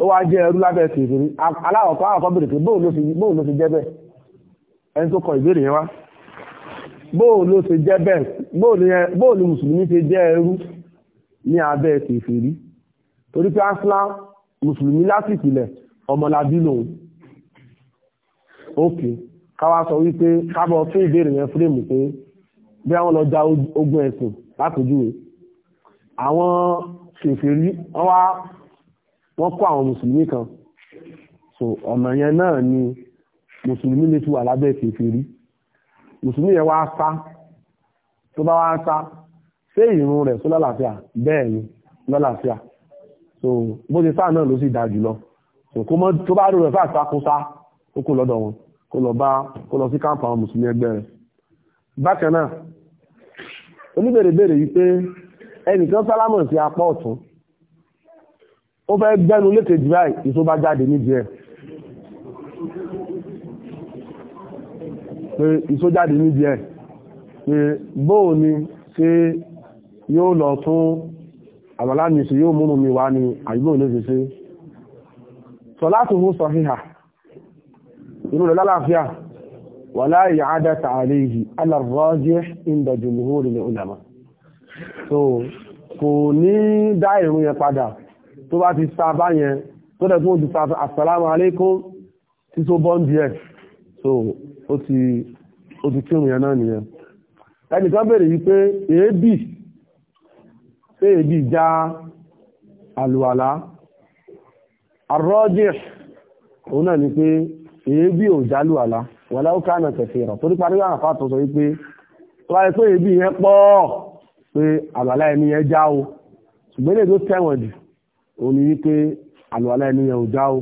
ó wá jẹ́ ẹrú lábẹ́ kèfèrí aláwọ̀kọ́ àwọn kan bèrè pé bóun ló fi jẹ́ bẹ́ẹ̀ ẹni tó kọ ìbéèrè yẹn wá bóun ló ṣe jẹ́ bẹ́ẹ̀ bóun ni mùsùlùmí ṣe jẹ́ ẹrú ní abẹ́ kèfèrí torí pé asla mùsùlùmí lásìkò ilẹ̀ ọmọlábí lòun ókè káwá sọ wípé kábọ̀ fún ìbéèrè yẹn fúrèmù pé bí àwọn lọ ja ogun ẹ̀sìn látòjúwe àwọn kèfèrí wá wọ́n kó àwọn mùsùlùmí kan so ọ̀nà yẹn náà ni mùsùlùmí lè ti wà lábẹ́ kèfèrí mùsùlùmí yẹn wá sá tó bá wá sá ṣé ìrun rẹ̀ tó lálàáfíà bẹ́ẹ̀ ni lálàáfíà so bó ṣe sá náà ló sì dáa jùlọ so kó mọ́ tó bá rẹ̀ fà sá kó sá ó kó lọ́dọ̀ wọn kó lọ bá kó lọ sí káàpù àwọn mùsùlùmí ẹgbẹ́ rẹ̀ bákan náà oníbèrè bèrè yìí pé ẹnìkan sálámọ̀ sí apá ọ̀tún ó fẹ́ gbẹ́nu lékè jù báyìí ìtò bá jáde níbi ẹ̀ pé ìtò jáde níbi ẹ̀ pé bóò ni ṣe yóò lọ tún àbàlámi sí yóò múnú mi wá ní àyíbò lè sọ láti hún sọ híhà inú rẹ̀ lálàáfíà wà láàyè àádẹ́ta àlè yìí alàrọ́jẹ́ ìndàjùmùhórí ní ulama so kò ní dá ìrun yẹn padà tó bá ti sa bá yẹn tó dẹ̀ tún ó ti sa assalamu alaikum tí tó bọ́ ń di ẹ̀ so ó ti ó ti kírun yẹn náà nìyẹn ẹnìkan béèrè yìí èébì pé èébì já àlùwàlá àrọ́jì òun náà ni pé èébì ò jálùwàlá wàlá ó kánà kẹfẹ́ rọ̀ torí parí àwọn àfáà tó sọ wípé tó wáyé pé èébì yẹn pọ̀ pé àlùwàlá ẹni yẹn já o ṣùgbọ́n èdè tó tẹ̀wọ̀n jù òun ni wípé àlùwàlá ẹni yẹn ò já o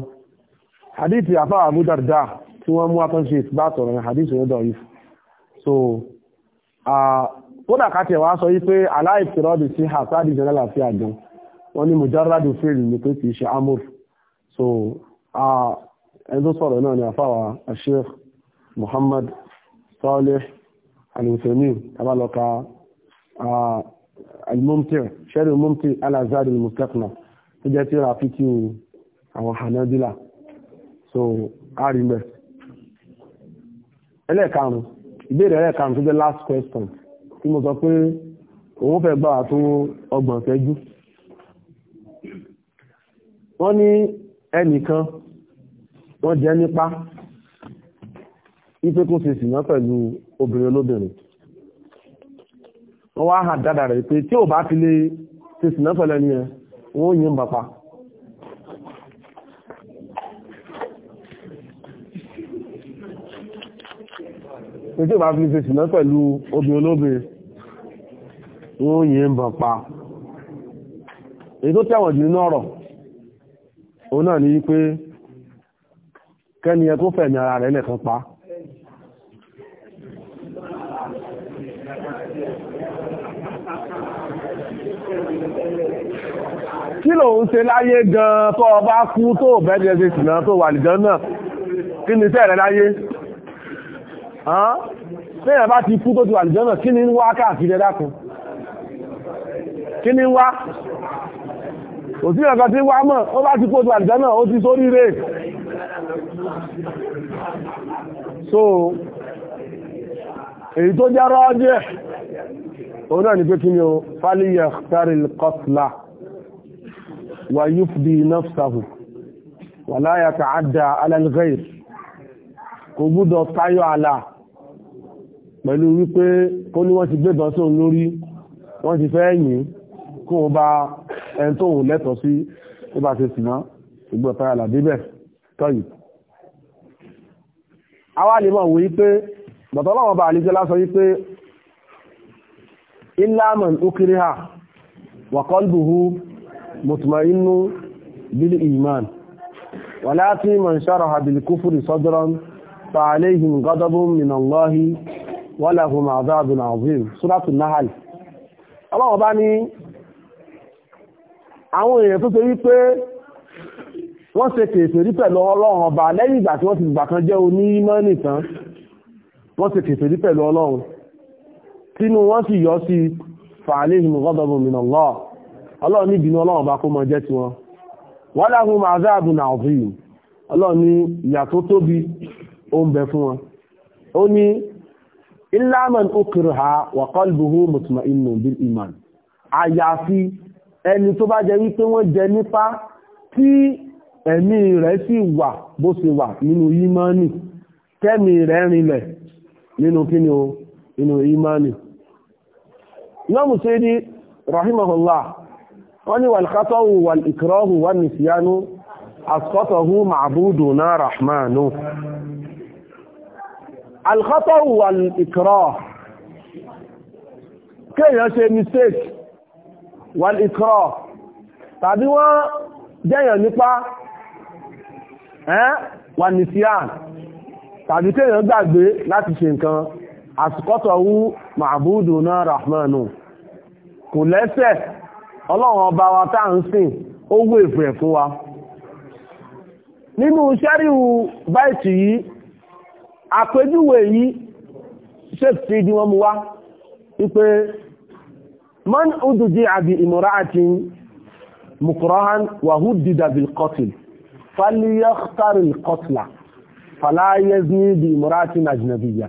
hadithi afáwà Abu Darda tí wọ́n mú àtúnṣe ìtìbá sọ̀rọ̀ ní hadithi yẹn dọ̀rí so kódà ká tiẹ̀ wá sọ wípé aláìsirọ́dì sí hasadi jẹ́ lálàáfíà gan wọ́n ní mujarradu fèrè ní pé kì í ṣe amur so ẹni tó sọ̀rọ̀ náà ni àfáwà Sheikh Muhammad Saleh Al-Uthaymeen tabalọ́ka الممتع شرح الممتع على زاد المستقنع تجا تيرا فيكيو àwọn hanadila so arimẹ ẹlẹ́ẹ̀karùn ìbéèrè ẹlẹ́ẹ̀karùn tó jẹ́ last question tí mo sọ pé òun fẹ́ gbà tó ọgbọ̀n fẹ́jú wọ́n ní ẹnìkan wọ́n jẹ́ nípa wípé kó ṣe sìná pẹ̀lú obìnrin olóbìnrin wọ́n wá hà dáadáa rẹ̀ pé tí ò bá fi lè ṣe sìnà pẹ̀lẹ́ ni wọ́n yìí bàpá tí bá fi lè ṣe pẹ̀lú obì olóbì wọ́n yìí ń bàpá èyí tó jù nínú ni kẹ́ni tó fẹ̀mí ara rẹ̀ pa kí ló ń ṣe láyé gan tó ọba kú tó bẹ́ẹ̀ ṣe ṣìnà tó wà nìjọ náà kí ni iṣẹ́ rẹ láyé lẹ́yìn bá ti kú tó ti wà nìjọ náà kí ni wá káàkiri ẹ̀dákun kí ni ń wá òsì ẹ̀kan tí wá mọ̀ ó bá ti kú tó wà nìjọ náà ó ti sórí rè so èyí tó jẹ́ rọ́ọ́dẹ́ òun náà ni pé kí ni o fálíyà tàrí kọ́tùlá ويفدي نفسه ولا يتعدى على الغير kò gbúdọ̀ tayọ àlà pẹ̀lú wípé kó ní wọ́n ti gbé bọ́sọ̀ lórí wọ́n ti fẹ́ yìn kó o bá ẹni tó wò lẹ́tọ̀ sí ó bá ti sìnà ìgbọ̀ tayọ àlà débẹ̀ tọ́yì awá lè mọ̀ wí pé bàtọ́lọ́wọ́ bá àlejò lásọ wípé ilá man ukriha wa qalbuhu mutmainu bil iman walati man sharaha bil kufri sadran fa alaihim ghadabun min Allah wa lahum adhabun azim suratul nahl Allah bá ní àwọn èèyàn tó ṣe wípé wọ́n ṣe kèfèrí pẹ̀lú Ọlọ́run ọba lẹ́yìn ìgbà tí ọlọ́run ní ìbínú ọlọ́run bá kó mọ jẹ́ wọ́n láhùn máa záàbù náà ọ̀fìn yìí ọlọ́run ní ìyà tóbi ó fún wọn ní ìlànà òkèrè ha wàkọ́lùbùhù mùtùmá inú bí ìmàn àyàfi ẹni tó bá jẹ wípé wọn jẹ nípa tí ẹ̀mí sì wà bó ṣe wà nínú ìmánì nínú o nínú ìmánì. rahimahullah wọ́n ní wàlkátọ́wù wàlìkìrọ́hù wà ní síyánú àsọ́tọ̀hù màbúdù náà rahmanu alkátọ́wù wàlìkìrọ́ kéèyàn ṣe mistake wàlìkìrọ́ tàbí wọ́n jẹ́yàn nípa wà ní síyán tàbí kéèyàn gbàgbé láti ṣe nǹkan àsìkọ́tọ̀hù màbúdù náà rahmanu kò lẹ́sẹ̀ ọlọ́run ọba wa tá ń sìn ó wú èfò ẹ̀ fún wa nínú sẹ́ríwù báìtì yìí àpèjúwe yìí ṣèfì ni wọ́n mú wá wípé man udùjí àbí ìmọ̀ra àti mukurahan wàhúdìdà bil qatl fàlíyàkítàrí qatla fàláyé ní ìmọ̀ra àti nàìjíríà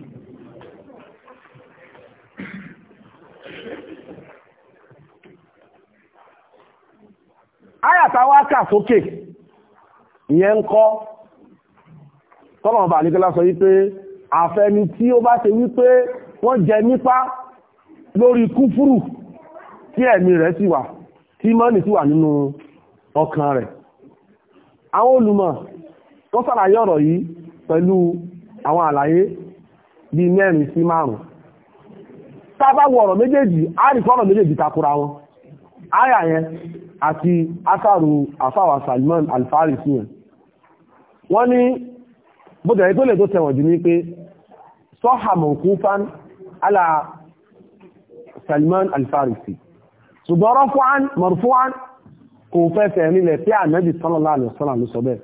ayàtà wá kà sókè ìyẹn ń kọ́ tọ́lọ̀ ọba àníkẹ́lá sọ wípé àfẹni tí ó bá ṣe wípé wọ́n jẹ nípa lórí kúfúrù tí ẹ̀mí rẹ̀ sì wà tí mọ́nì sì wà nínú ọkàn rẹ̀ àwọn olùmọ̀ tó sàlàyé ọ̀rọ̀ yìí pẹ̀lú àwọn àlàyé bíi mẹ́rin sí márùn tá a bá wo ọ̀rọ̀ méjèèjì á rí fọ́rọ̀ méjèèjì takura wọn áyà yẹn àti akáàrù àfáwà Salman Al-Farisi yẹn wọ́n ní bóde ẹ̀rí tó lè tó tẹ̀wọ̀n jù ní pé sọ́hàmọ̀ kúfán alá Salman Al-Farisi ṣùgbọ́n rọ́fúán marfuán kò fẹ́sẹ̀ nílẹ̀ tí ànábì sallallahu alaihi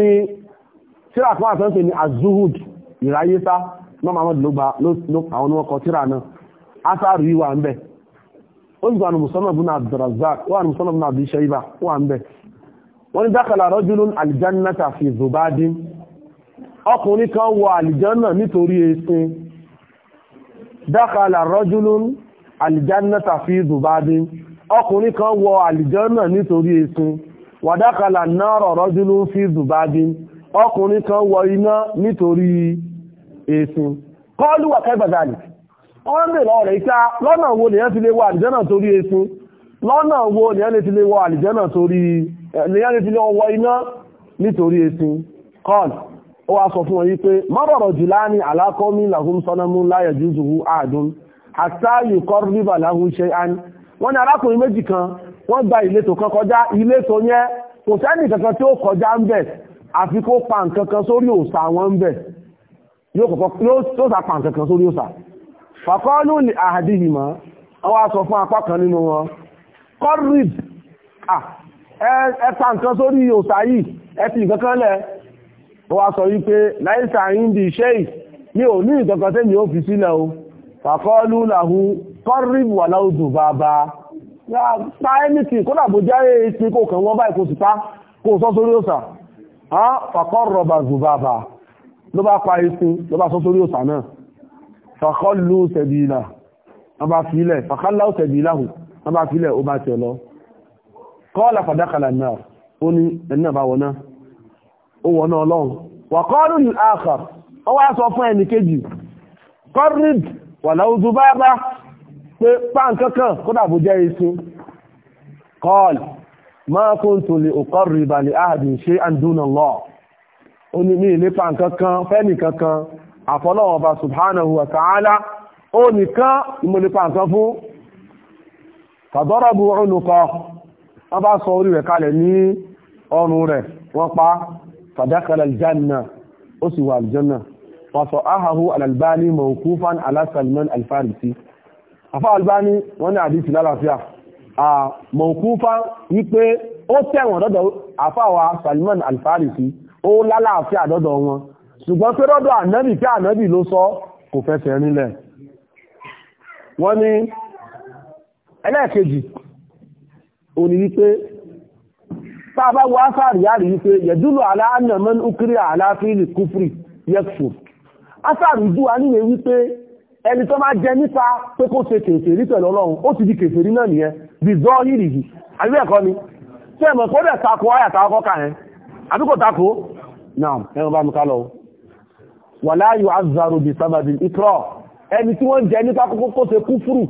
ni tíra kan àtọ́ ń pè ní azuhud ìráyésá mọ́mọ́ àwọn ìlúgba àwọn ọkọ̀ tíra náà asáàrù yìí wà ń bẹ̀ ó sì gbàánu musamman bin abdulrazak wà ní musamman bin abi shaiba wà ń bẹ̀ wọ́n ní dákàlà rọ́júlún aljannata fi zubadin ọkùnrin kan wọ aljanna nítorí esin dákàlà rọ́júlún aljannata fi zubadin ọkùnrin kan wọ aljanna nítorí esin wàdákàlà náà rọ̀rọ́júlún fi zubadin ọkùnrin kan wọ iná nítorí èsìn kọ́ọ̀lù wà kẹ́bàdàlì wọ́n bè lọ rẹ̀ ìta lọ́nà wo nìyẹn ti lè wọ àlìjẹ́nà torí èsìn lọ́nà wo nìyẹn ti lè wọ àlìjẹ́nà torí nìyẹn ti lè wọ iná nítorí èsìn kọ́ọ̀lù ó wá sọ fún wọn yí pé mọ́rọ̀rọ̀ jùlá ní alákọ́mí làhún sọ́nàmú láyẹ̀ jùzùhú àádùn àtàyù kọ́rùbà láhún ṣe án kò sẹ́nì kankan tí ó kọjá ń bẹ̀ àfi kó pa nǹkankan sórí òsà wọn ń bẹ̀ yóò sà pa nǹkankan sórí òsà fàkọ́lù ní àhàdìhìmọ́ àwọn sọ fún apá kan nínú wọn kọ́rìb ẹ pa nǹkan sórí òsà yìí ẹ ti nǹkankan lẹ̀ ó wá sọ wípé láìsà ìndì iṣẹ́ yìí mi ò ní nǹkankan tẹ́mi ó fi sílẹ̀ o fàkọ́lù làhú kọ́rìb wà láwùjọ bàbá pa ẹnìtì kó dàbò járe ti kó kàn wọ́n báyìí kó sì pa kó sọ sórí òsà ha fàkọ́rọ̀bà zùbàbà ló bá pa isin ló bá sọ sórí òsà náà fàkọ́lù sẹ̀bìlà wọ́n bá filẹ̀ fàkọ́lù sẹ̀bìlà hù wọ́n bá filẹ̀ ó bá tẹ̀ lọ kọ́ọ̀lá fàdákàlà náà ó ní ẹ̀nà bá wọ́n náà ó wọ́n náà lọ́hùn wàkọ́rù ní àkàr ó wá sọ fún ẹnì kejì kọ́rìd wàláwù zùbàbà pé pàǹkankan kódà bó jẹ́ isin kọ́ọ̀lù ma kuntu li uqarriba li ahadin shay'an duna Allah ó ní mi ilé pa nǹkan kan fẹ́ni kankan àfọlọ́wọ́ ọba subhanahu wa ta'ala ó nìkan ìmọ̀lẹ́pa nǹkan fún fàdọ́rọ̀bù ònùkọ wọ́n bá sọ orí rẹ̀ kalẹ̀ ní ọrùn rẹ̀ wọ́n pa fàdákàlẹ̀ aljanna ó sì wà aljanna wọ́n sọ áhàhù al-Albani mawqufan ala Salman al afọ́ albani wọ́n ní àdìsí lálàáfíà mọ̀kúfá wípé ó tẹ̀wọ̀n dọ́dọ̀ àfáwà Salman Al-Farisi ó lálàáfíà dọ́dọ̀ wọn ṣùgbọ́n pé dọ́dọ̀ ànábì tí ànábì ló sọ kò fẹsẹ̀ rinlẹ̀ wọ́n ní ẹlẹ́ẹ̀kejì ó ní wípé tá a bá wọ ásáàrì yáàrí wípé yẹ̀dúlù aláàánà mẹ́nu kiri àláfíìlì kúfrì yẹ́kṣù ásáàrì dúwa níwèé wípé ẹni tó máa jẹ nípa pé kó se kèfèrí pẹ̀lú ọlọ́run ó ti di kèfèrí náà nìyẹn bí zọ́ yìí yìí àbí ẹ̀kọ́ ni ṣé ẹ̀mọ̀ kó dẹ̀ takò ayà tá ọkọ̀ kàn yẹn àbí kò takò náà ẹ̀rọ bá mi ká lọ wà láàyò azaru bí sábàbí ìtrọ̀ ẹni tí wọ́n jẹ nípa kókó kó ṣe kúfùrù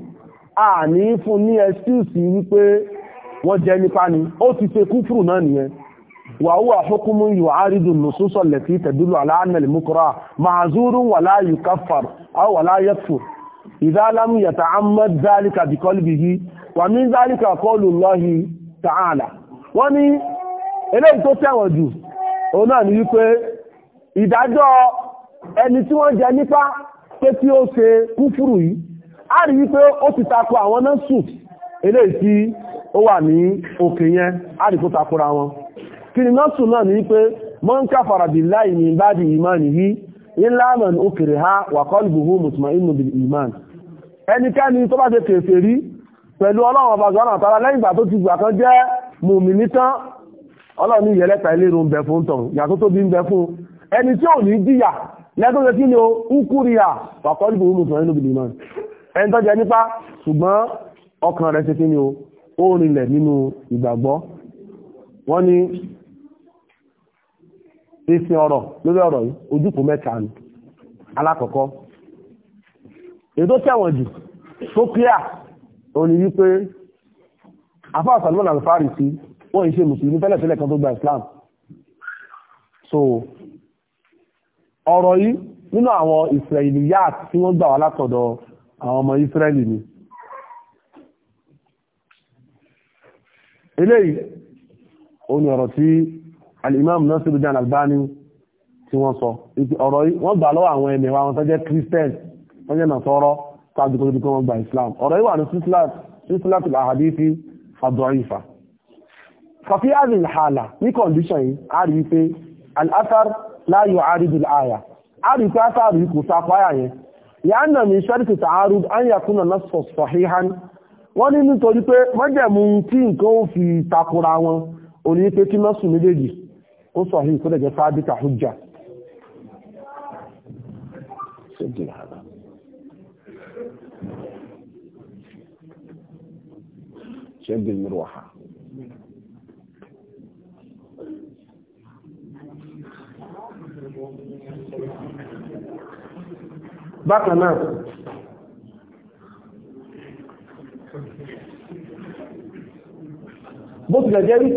àní fún ní ẹ̀síùsì wípé wọ́n jẹ nípa ni ó ti ṣe kúfùrù náà nìyẹn وهو حكم يعارض النصوص التي تدل على أن المكره معذور ولا يكفر أو ولا يكفر إذا لم يتعمد ذلك بقلبه ومن ذلك قول الله تعالى ومن eléyìí tó tẹ̀wọ̀n jù òun náà ní wípé ìdájọ́ ẹni tí wọ́n jẹ nípa pé tí ó ṣe kúfùrù yìí a rí wípé ó ti tako àwọn náà sùn eléyìí tí ó wà ní òkè yẹn a rí kó takora wọn kí ni nọ́ọ̀sù náà ní pé man kafara billahi min ba'di imanihi illa man ukriha wa qalbuhu mutma'innun bil iman ẹnikẹ́ni tó bá ṣe kèfèrí pẹ̀lú ọlọ́run ọba zọ́nà tọ́lá lẹ́yìn ìgbà tó ti gbà kan jẹ́ mùmìnì tán ọlọ́run ìyẹlẹ́ta ìlérò ń bẹ fún tọ̀ yàtọ̀ tó bí ń bẹ fún ẹni tí ò ní díyà lẹ́tọ́ ṣe kí ni o ń kúrìyà wa qalbuhu mutma'innun bil ọkàn rẹ̀ ṣe kí ni o ó rinlẹ̀ nínú ìgbàgbọ́ wọ́n ní ìsìn ọ̀rọ̀ lórí ọ̀rọ̀ yìí ojúkò mẹ́ta ni alákọ̀ọ́kọ́ èdò tẹ̀wọ̀n jù tó kíá òní wípé afáà Salman al-Farisi wọ́n yìí ṣe mùsùlùmí tẹ́lẹ̀tẹ́lẹ̀ kan tó gba Islam so ọ̀rọ̀ yìí nínú àwọn Israeli yáàt tí wọ́n gbà wá látọ̀dọ̀ àwọn ọmọ Israeli ni eléyìí ó ní ọ̀rọ̀ tí al-imam Nasiruddin Albani tí wọ́n sọ ọ̀rọ̀ yìí wọ́n gbà lọ́wọ́ àwọn ẹni wa wọn tó jẹ́ christian wọ́n jẹ́ nàṣọ́rọ́ sáájú kó tó wọn gba islam ọ̀rọ̀ yìí wà ní sísílátì àhàdífì àdọ́ìfà kọfí àrùn hàlà ní kọ̀ndíṣọ̀n yìí a rí pé al-athar la yu'aridu al-aya a rí pé athar yìí kò sá páyà yẹn ìyá nà mí sharti kí nọ́ọ̀sù méjèèjì قصه كده جه ثابت حجه سجل هذا سجل مروحه بقى ما بص يا جاري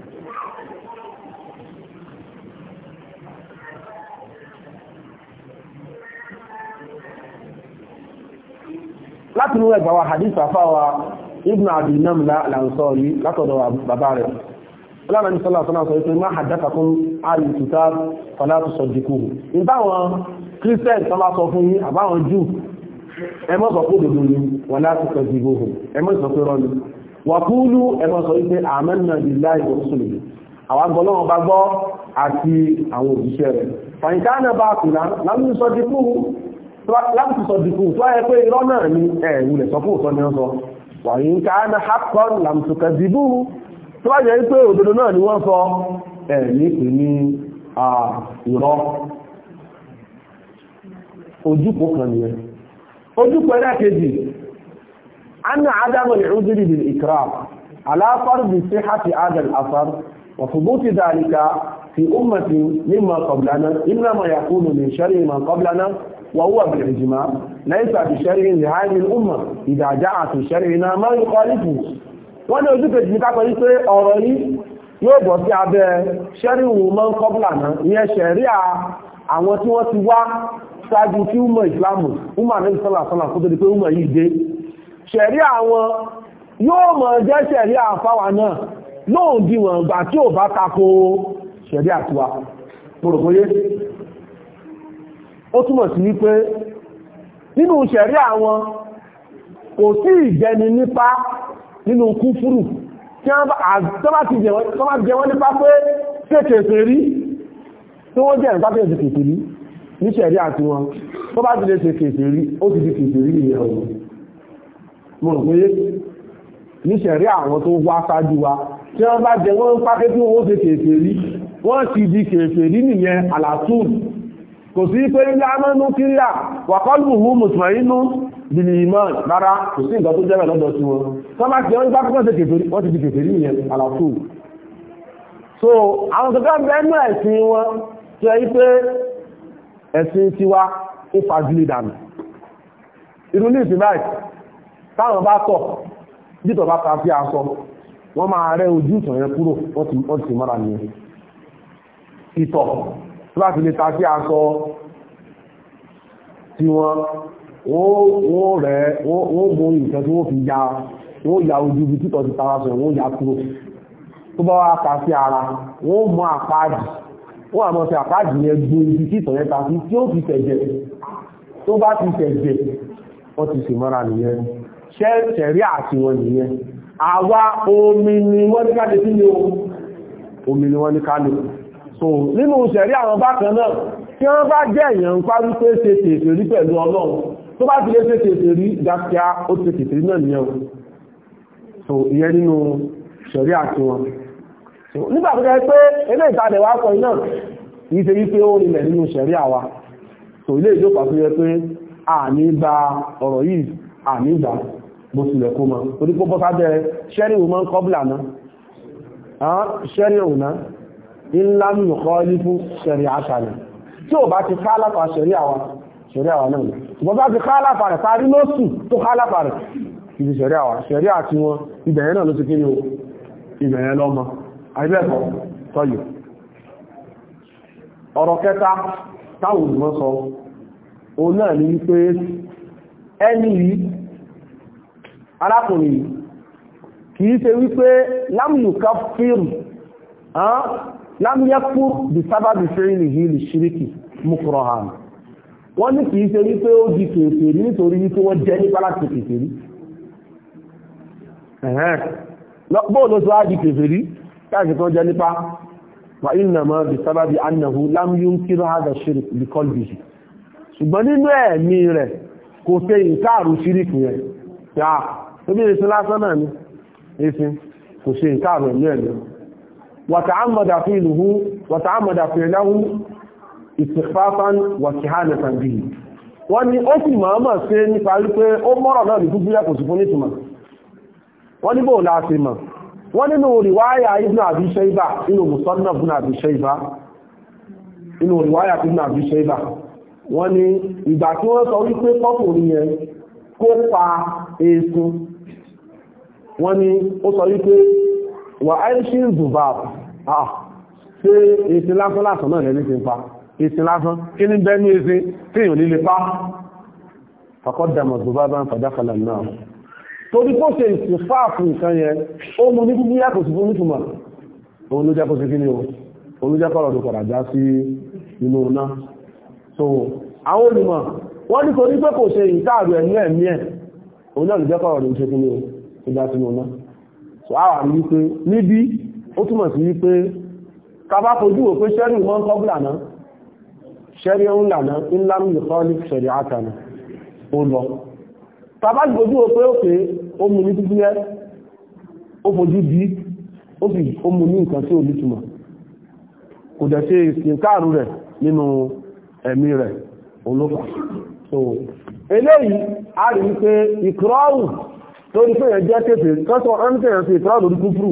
láti inú ẹgbà wa hadith àfáwa ibn abi namla lansori látọ̀dọ̀ bàbá rẹ̀ ọlọ́nà ní sọ́lá sọ́lá sọ wípé má àdáta fún ààrì ìtùtà fọlátù sọ dìkú ìbáwọn christian sọ́lá sọ fún yí àbáwọn jew ẹmọ́ sọ pé òdòdó ni wọ́n láti sọ dìbò ẹmọ́ sọ pé rọ́ni wàkúlù ẹmọ́ sọ wípé àmẹ́nà ìláì òṣùlù àwọn agbọ́lọ́wọ́ bá gbọ́ àti àwọn òjíṣẹ́ rẹ̀ fàyíká náà bá kùnà lámúsọ dìkú láti sọ dìkù tó yẹ pé irọ́ náà ni ẹ̀ ìwúlẹ̀ sọ fún òtọ́ ni wọ́n sọ wàyí ń ká ní hapkon lamtuka zibu tó bá jẹ́ pé òdodo náà ni wọ́n sọ ẹ̀ ní pè ní irọ́ ojúpọ̀ kan nìyẹn ẹ̀dá kejì anna adamu al asar wa thubuti fi ummati وهو بالإجماع ليس بشرع لهذه الأمة إذا جاء في شرعنا ما يخالفه wọ́n ní ojú kejì ká sọ wípé ọ̀rọ̀ yìí yóò bọ̀ sí abẹ́ ṣẹ́ríhùn mọ́ ń kọ́bùlà náà ìyẹn ṣẹ̀rí àwọn tí wọ́n ti wá ṣáájú kí umar islamu umar ní sọ́là sọ́là kó tó di pé umar yìí dé ṣẹ̀rí àwọn yóò mọ̀ jẹ́ ṣẹ̀rí àfáwà náà lóòdìwọ̀n gbà tí ò bá tako ṣẹ̀rí àtiwá mo rò ó túmọ̀ sí wípé nínú ṣẹ̀rí àwọn kò sí ìjẹni nípa nínú kúfúrù tí wọ́n bá ti jẹ wọ́n nípa pé kéèkèé rí tí wọ́n jẹ́ ìpá kéèkèé kéèkèé rí ní ṣẹ̀rí àti wọn tó bá ti lè ṣe kéèkèé rí ó ti di kéèkèé rí ìyẹn ọ̀rọ̀ mọ̀ pé ní ṣẹ̀rí àwọn tó wá sáájú wa tí wọ́n bá jẹ wọ́n pákẹ́ tí wọ́n ṣe kéèkèé rí wọ́n ti di kéèkèé rí nìyẹn àlàtúrù kò sí pé ní amánú kíríà wàkọ́lùmù mùsùlùmínú bìlì ìmọ̀ rárá kò sí nǹkan tó jẹ́ lọ́dọ̀ sí wọn tó bá ti ọjọ́ pípọ́ sí kèfèrí wọ́n ti di kèfèrí yẹn àlàfù so àwọn kankan bẹ́ẹ̀nú ẹ̀sìn wọn tí ẹ pé ẹ̀sìn tiwa ó fagilé dànù irú ní ìsìn báyìí táwọn bá tọ̀ jítọ̀ bá ta sí aṣọ wọ́n máa rẹ ojú ìtọ̀ yẹn kúrò wọ́n ti mọ́ra nìyẹn ìtọ̀ láti lè ta sí aṣọ tí wọ́n wọ́n rẹ̀ wọ́n mú ìtẹ́ tí wọ́n fi ya wọ́n ya ojú ibi títọ́ ti tara sọ̀rọ̀ wọ́n ya kúrò tó bá wá ta sí ara wọ́n mọ àpáàdì wọ́n àmọ́ sí àpáàdì yẹn gbó ibi títọ́ yẹn ta sí tí ó fi tẹ̀jẹ̀ tó bá ti tẹ̀jẹ̀ wọ́n ti sì mọ́ra nìyẹn ṣẹ́ẹ̀rí àti wọn nìyẹn àwa omi ni wọ́n ní ká sí ni omi ni wọ́n ní ká sí so nínú ìṣẹ̀rí àwọn bákan náà tí wọ́n bá jẹ́ èèyàn ń parí pé ṣe tètè rí pẹ̀lú ọlọ́run tó bá ti lè ṣe tètè rí dákíá ó ti tètè rí náà nìyẹn so ìyẹn nínú ìṣẹ̀rí àti wọn nígbà tó jẹ́ pé ilé ìtàdẹ̀ wá kọ́ iná yìí ṣe wípé ó rinlẹ̀ nínú ìṣẹ̀rí àwa so ilé ìjọpàá tó yẹ pé àní gba ọ̀rọ̀ yìí àní gbà bó tilẹ̀ kó mọ́ onípọ́pọ́ sábẹ́ ṣẹ́rí òun mọ́ kọ́bìlà náà ṣẹ́rí òun ńlá nùkọ́ nífú ṣẹ̀rí àṣàlẹ̀ tí ò bá ti ká lápá ṣẹ̀rí àwọn ṣẹ̀rí àwọn náà ni ṣùgbọ́n bá ti ká lápá rẹ̀ parí lóṣù tó ká lápá rẹ̀ ibi ṣẹ̀rí àwọn ṣẹ̀rí àti wọn ibẹ̀yẹn náà ló ti kíni o ibẹ̀yẹn lọ́mọ àìbẹ́ẹ̀kọ́ tọ́yọ ọ̀rọ̀ kẹta táwọn olùmọ́ lam yakfur bí sábàbí fẹ́rìnì yìí lè ṣíríkì mukrohan wọ́n ní kìí ṣe wípé ó di kèfèrí nítorí wípé wọ́n jẹ́ nípa láti kèfèrí bóò ló sọ á di kèfèrí káàkiri tó jẹ́ nípa wa inna ma bí sábàbí annahu lam yunkiru hadha ṣírík bí qalbihi ṣùgbọ́n nínú ẹ̀mí rẹ̀ kò ṣe ìkáàrù ṣíríkì yẹn yà ó bí èsì lásán náà ni èsì kò ṣe ìkáàrù ẹ̀mí ẹ̀mí rẹ̀ وتعمد فعله وتعمد فعله استخفافا واستهانة به wọ́n ni ó sì máa máa ṣe nípa wípé ó mọ́rọ̀ náà ní gúgbú yàkò sí fún nítùmọ̀ wọ́n ní bóò láti mọ̀ wọ́n nínú ríwáyà Ibn Abi Shayba inú Musannaf Ibn Abi Shayba inú ríwáyà Ibn Abi Shayba wọ́n ní ìgbà tí Ah, ṣe èsì lásán lásán náà lẹ́ni ti ń pa èsì lásán kí ní bẹ́ ní èsì tí èyàn líle pa fàkọ́dàmọ̀ zùbá bá ń fàdáfàlà náà torí kó ṣe ìsì fáàfù nǹkan yẹn ó mú ní kúkú yàtọ̀ sí fún ìtumọ̀ ló jẹ́ kó sí inú so àwọn olùmọ̀ wọ́n ní torí pé kò ṣe ìtààrù ó túmọ̀ sí wípé kaba fojú wò pé ṣẹ́rí mọ́ ń kọ́bù lànà ṣẹ́rí ń lànà ńlámi ìkọ́lì ṣẹ̀rí àtànà ó lọ kaba fojú wò pé òkè ó mú ní títí yẹ ó fojú bí ó sì ó mú ní nǹkan tí ò ní túmọ̀ kò dẹ̀ ṣe ìsìnkáàrù rẹ̀ nínú ẹ̀mí rẹ̀ olófà so eléyìí a rí wípé ìkúrọ́rù tó ní pé yẹn jẹ́ kéfèé kọ́sọ̀ ọ́n tẹ̀yàn sí ìkúrọ́rù orí kúfúrú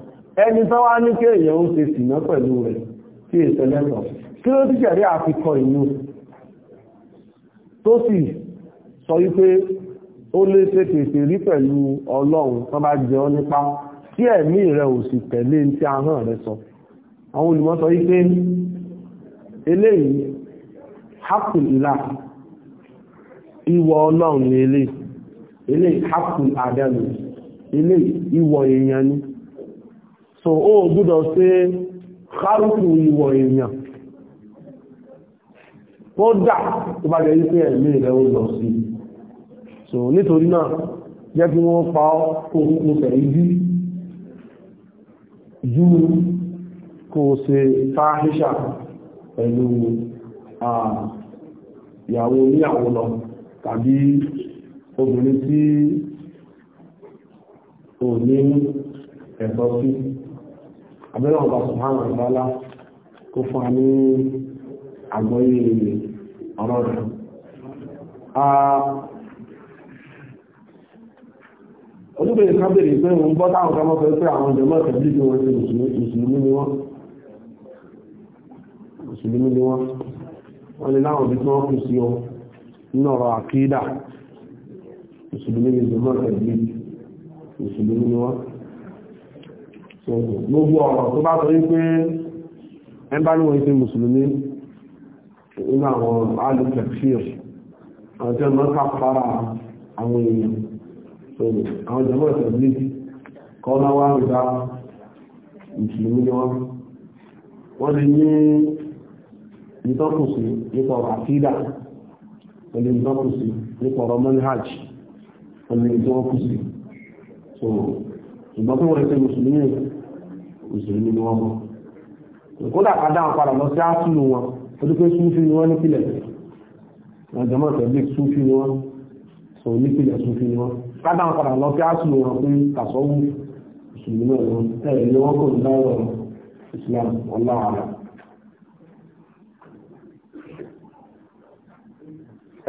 ẹni tó wá ní kí èèyàn ó ṣe sìnà pẹ̀lú rẹ̀ kí ìṣẹ̀lẹ́tọ̀ kí ló ti jẹ̀rí àfikọ ìlú tó sì sọ wípé ó lè ṣe pèsè rí pẹ̀lú ọlọ́run tó bá jẹ ọ́ nípa tí ẹ̀mí rẹ̀ ò sì tẹ̀lé tí ahọ́n rẹ̀ sọ àwọn olùmọ̀ sọ wípé eléyìí hakùn ìlà ìwọ ọlọ́run ni eléyìí eléyìí hakùn àdánù eléyìí ìwọ èèyàn ni so ó gbúdọ̀ ṣe kárùkù ìwọ̀ èèyàn ó dà tó bá jẹ́ wípé ẹ̀mí rẹ̀ ó lọ sí so nítorí náà jẹ́ kí wọ́n pa kókùnkùn tẹ̀lú ju kó ṣe fáhíṣà pẹ̀lú ìyàwó oníyàwó lọ tàbí obìnrin tí ò ní ẹ̀tọ́ sí abẹ́rẹ́ ọ̀gá subhanahu wa ta'ala kó fún wa ní àgbọ́yé ọ̀rọ̀ rẹ̀ olúbẹ̀rẹ̀ kan bèèrè pé òun bọ́ táwọn kan mọ́fẹ́ pé àwọn jẹmọ́ tẹ̀lé bí wọ́n ṣe mùsùlùmí ni wọ́n mùsùlùmí ni wọ́n wọ́n lè láwọn bí wọ́n kù sí ọ nínú ọ̀rọ̀ àkídà mùsùlùmí ni jẹmọ́ tẹ̀lé mùsùlùmí ni wọ́n gbogbo ọ̀rọ̀ tó bá sọ wípé ẹmbá ní wọ́n ṣe mùsùlùmí nínú àwọn alùpẹ̀fíìr àwọn tí wọ́n máa kápára àwọn èèyàn àwọn jọmọ́ ìtẹ̀lé kọ́nà wá ń gba mùsùlùmí ni wọ́n wọ́n lè ní ìtọ́kùsí nípa ọ̀rọ̀ àkídà wọ́n lè ìtọ́kùsí nípa ọ̀rọ̀ manhaj wọ́n lè ìtọ́kùsí ṣùgbọ́n tó wọ́n ṣe mùsùlùmí mùsùlùmí ni wọ́n mọ̀ kódà padà wọn padà lọ sí áṣùlù wọn torí pé súnfì ni wọ́n nípìlẹ̀ wọn jọmọ́ tẹ̀lé súnfì ni wọ́n sọ nípìlẹ̀ súnfì ni wọ́n padà wọn padà lọ sí áṣùlù wọn pé kàṣọ́wù mùsùlùmí náà lọ ẹ̀ ni wọ́n kò ní láwọ̀ Islam ọláwàlá.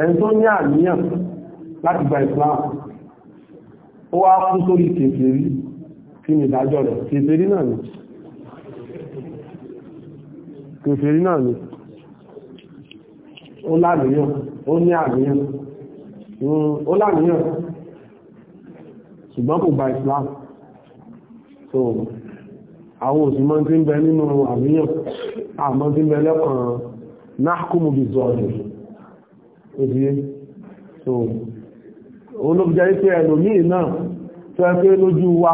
ẹni tó ní àníyàn láti gba Islam ó wá kú sórí kèfèrí kí ni ìdájọ́ rẹ̀ kèfèrí náà ni kèfèrí náà ni ó láàríyàn ó ní àríyàn hmm, ó láàríyàn ṣùgbọ́n kò gba Islam so àwọn òsìmọ́ tí ń bẹ nínú àríyàn àmọ́ tí ń bẹ lẹ́kàn náàkùnmù bí zọ́ọ̀dù òdíyé so olóbìjẹ́ pé ẹlòmíì náà tó ẹgbẹ́ lójú wa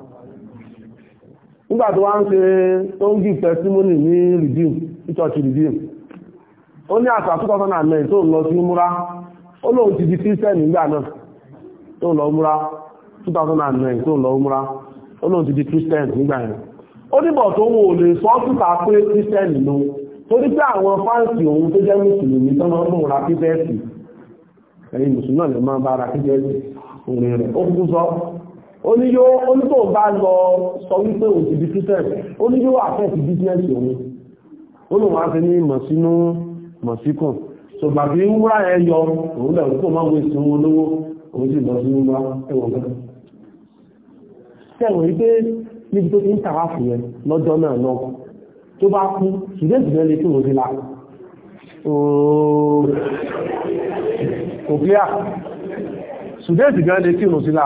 nígbà tó wá ń ṣe tó ń give testimony ní redeem church redeem ó ní àṣà 2009 tó lọ sí múra ó lóun ti di christian nígbà náà tó lọ múra 2009 tó lọ múra ó lóun ti di christian nígbà ó níbọ̀ tó wò lè sọ síta pé christian ló pé àwọn fáǹsì òun tó jẹ́ mùsùlùmí tó máa ń múra pípẹ́ẹ̀sì mùsùlùmí náà lè máa bá ara pípẹ́ẹ̀sì òun rẹ̀ oníyó onítò bá lọ sọ wípé òun ti di christian oníyó àfẹ́ẹ̀tì business òun olùwọ́n á fi ní mọ̀ sínú mọ̀ síkùn so bàbí ń wúrà ẹ yọ òun lẹ̀ tó máa wo ìsìn wọn lówó òun sì lọ sí wúrà ẹwọ̀n gan sẹ́wọ̀n wípé níbi tó ti ń tàwá fún yẹn lọ́jọ́ náà lọ tó bá kú ṣùgbọ́n ìṣẹ̀lẹ̀ lè tó wọ́n sí la kò clear ṣùgbọ́n ìṣẹ̀lẹ̀ lè tó wọ́n sí la